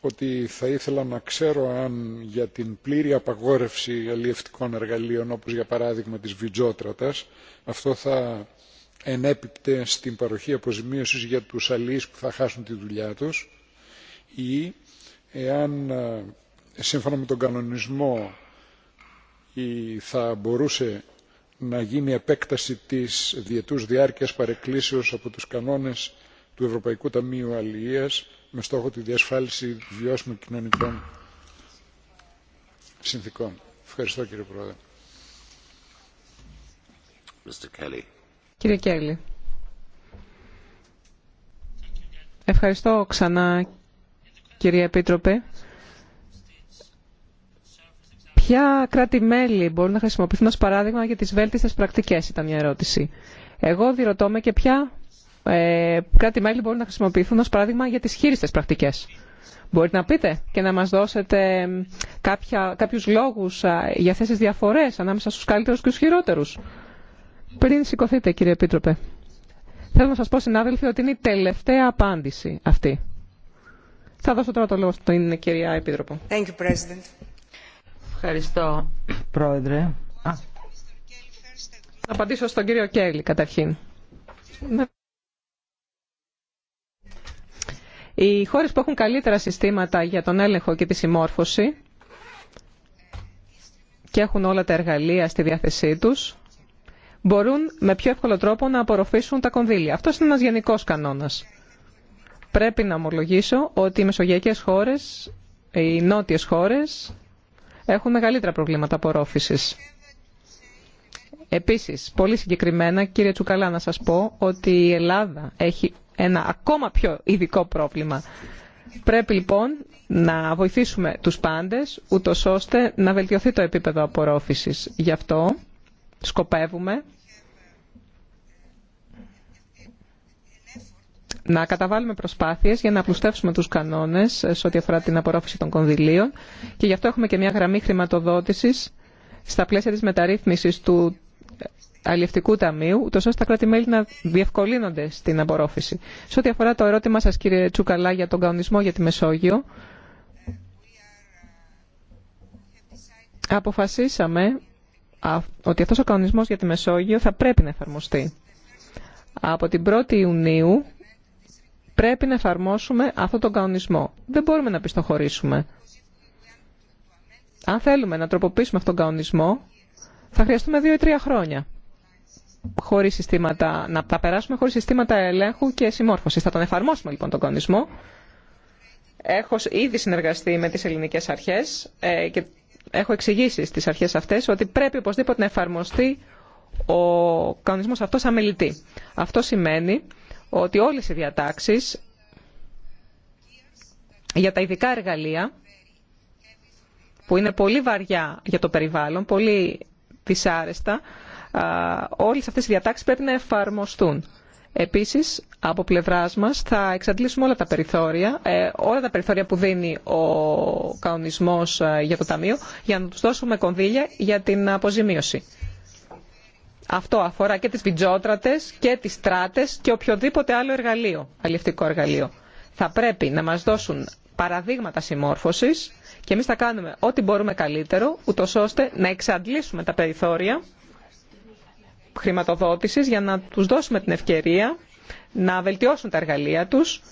ότι θα ήθελα να ξέρω αν για την πλήρη απαγόρευση αλλιευτικών εργαλείων όπως για παράδειγμα της βιτζότρατας αυτό θα ενέπιπτε στην παροχή αποζημίωσης για τους αλληλείς που θα χάσουν τη δουλειά τους ή εάν ε, σύμφωνα με τον κανονισμό θα μπορούσε να γίνει επέκταση της διετούς διάρκειας παρεκκλήσεως από τους κανόνες του Ευρωπαϊκού Ταμείου Αλληλείας με στόχο τη διασφάλιση βιώσιμων κοινωνικών συνθήκων. Ευχαριστώ κύριε Πρόεδρε. Κύριε Κέλλη, ευχαριστώ ξανά κύριε Επίτροπε. Ποια κράτη-μέλη μπορούν να χρησιμοποιηθούν ως παράδειγμα για τις βέλτιστες πρακτικές ήταν μια ερώτηση. Εγώ διρωτώ με και ποια ε, κράτη-μέλη μπορούν να χρησιμοποιηθούν ως παράδειγμα για τις χείριστες πρακτικές. Μπορείτε να πείτε και να μας δώσετε κάποια, κάποιους λόγους για θέσεις διαφορές ανάμεσα στους καλύτερους και τους χειρότερους. Πριν σηκωθείτε κύριε Επίτροπε. Θέλω να σας πω συνάδελφοι ότι είναι η τελευταία απάντηση αυτή. Θα δώσω τώρα το λόγο στην κυρία Επίτροπο. Thank you, Ευχαριστώ Πρόεδρε. Να απαντήσω στον κύριο Κέλλη καταρχήν. Οι χώρες που έχουν καλύτερα συστήματα για τον έλεγχο και τη συμμόρφωση και έχουν όλα τα εργαλεία στη διάθεσή τους, μπορούν με πιο εύκολο τρόπο να απορροφήσουν τα κονδύλια. Αυτό είναι ένας γενικός κανόνας. Πρέπει να ομολογήσω ότι οι μεσογειακές χώρες, οι νότιες χώρες, έχουν μεγαλύτερα προβλήματα απορρόφησης. Επίσης, πολύ συγκεκριμένα, κύριε Τσουκαλά, να σας πω ότι η Ελλάδα έχει ένα ακόμα πιο ειδικό πρόβλημα. Πρέπει λοιπόν να βοηθήσουμε τους πάντες, ούτω ώστε να βελτιωθεί το επίπεδο απορρόφησης. Γι' αυτό σκοπεύουμε να καταβάλουμε προσπάθειες για να απλουστεύσουμε τους κανόνες σε ό,τι αφορά την απορρόφηση των κονδυλίων και γι' αυτό έχουμε και μια γραμμή χρηματοδότησης στα πλαίσια της μεταρρύθμισης του αλληλευτικού ταμείου, ούτως ώστε τα κράτη-μέλη να διευκολύνονται στην απορρόφηση. Σε ό,τι αφορά το ερώτημα σας κύριε Τσουκαλά για τον καονισμό για τη Μεσόγειο, αποφασίσαμε ότι αυτός ο κανονισμός για τη Μεσόγειο θα πρέπει να εφαρμοστεί. Από την 1η Ιουνίου πρέπει να εφαρμόσουμε αυτόν τον κανονισμό. Δεν μπορούμε να πιστοχωρήσουμε. Αν θέλουμε να τροποποιήσουμε αυτόν τον κανονισμό, θα χρειαστούμε δύο ή τρία χρόνια χωρίς συστήματα, να τα περάσουμε χωρίς συστήματα ελέγχου και συμμόρφωσης. Θα τον εφαρμόσουμε λοιπόν τον κανονισμό. Έχω ήδη συνεργαστεί με τις ελληνικές αρχές ε, και έχω εξηγήσει στις αρχές αυτές ότι πρέπει οπωσδήποτε να εφαρμοστεί ο κανονισμός αυτός αμελητή. Αυτό σημαίνει ότι όλες οι διατάξεις για τα ειδικά εργαλεία που είναι πολύ βαριά για το περιβάλλον, πολύ δυσάρεστα, όλες αυτές οι διατάξεις πρέπει να εφαρμοστούν. Επίσης, από πλευράς μας θα εξαντλήσουμε όλα τα περιθώρια, ε, όλα τα περιθώρια που δίνει ο κανονισμός ε, για το Ταμείο, για να τους δώσουμε κονδύλια για την αποζημίωση. Αυτό αφορά και τις βιτζότρατες και τις στράτες και οποιοδήποτε άλλο εργαλείο, αλληλευτικό εργαλείο. Θα πρέπει να μας δώσουν παραδείγματα συμμόρφωσης και εμείς θα κάνουμε ό,τι μπορούμε καλύτερο, ούτως ώστε να εξαντλήσουμε τα περιθώρια χρηματοδότησης για να τους δώσουμε την ευκαιρία να βελτιώσουν τα εργαλεία τους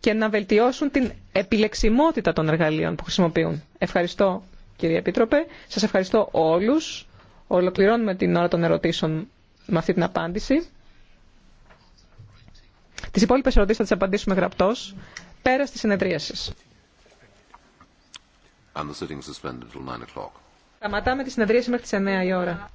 και να βελτιώσουν την επιλεξιμότητα των εργαλείων που χρησιμοποιούν. Ευχαριστώ κύριε Επίτροπε. Σας ευχαριστώ όλους. Ολοκληρώνουμε την ώρα των ερωτήσεων με αυτή την απάντηση. Τις υπόλοιπες ερωτήσεις θα τις απαντήσουμε γραπτώς πέρα της συνεδρίασης. Σταματάμε τη συνεδρίαση μέχρι τις 9 η ώρα.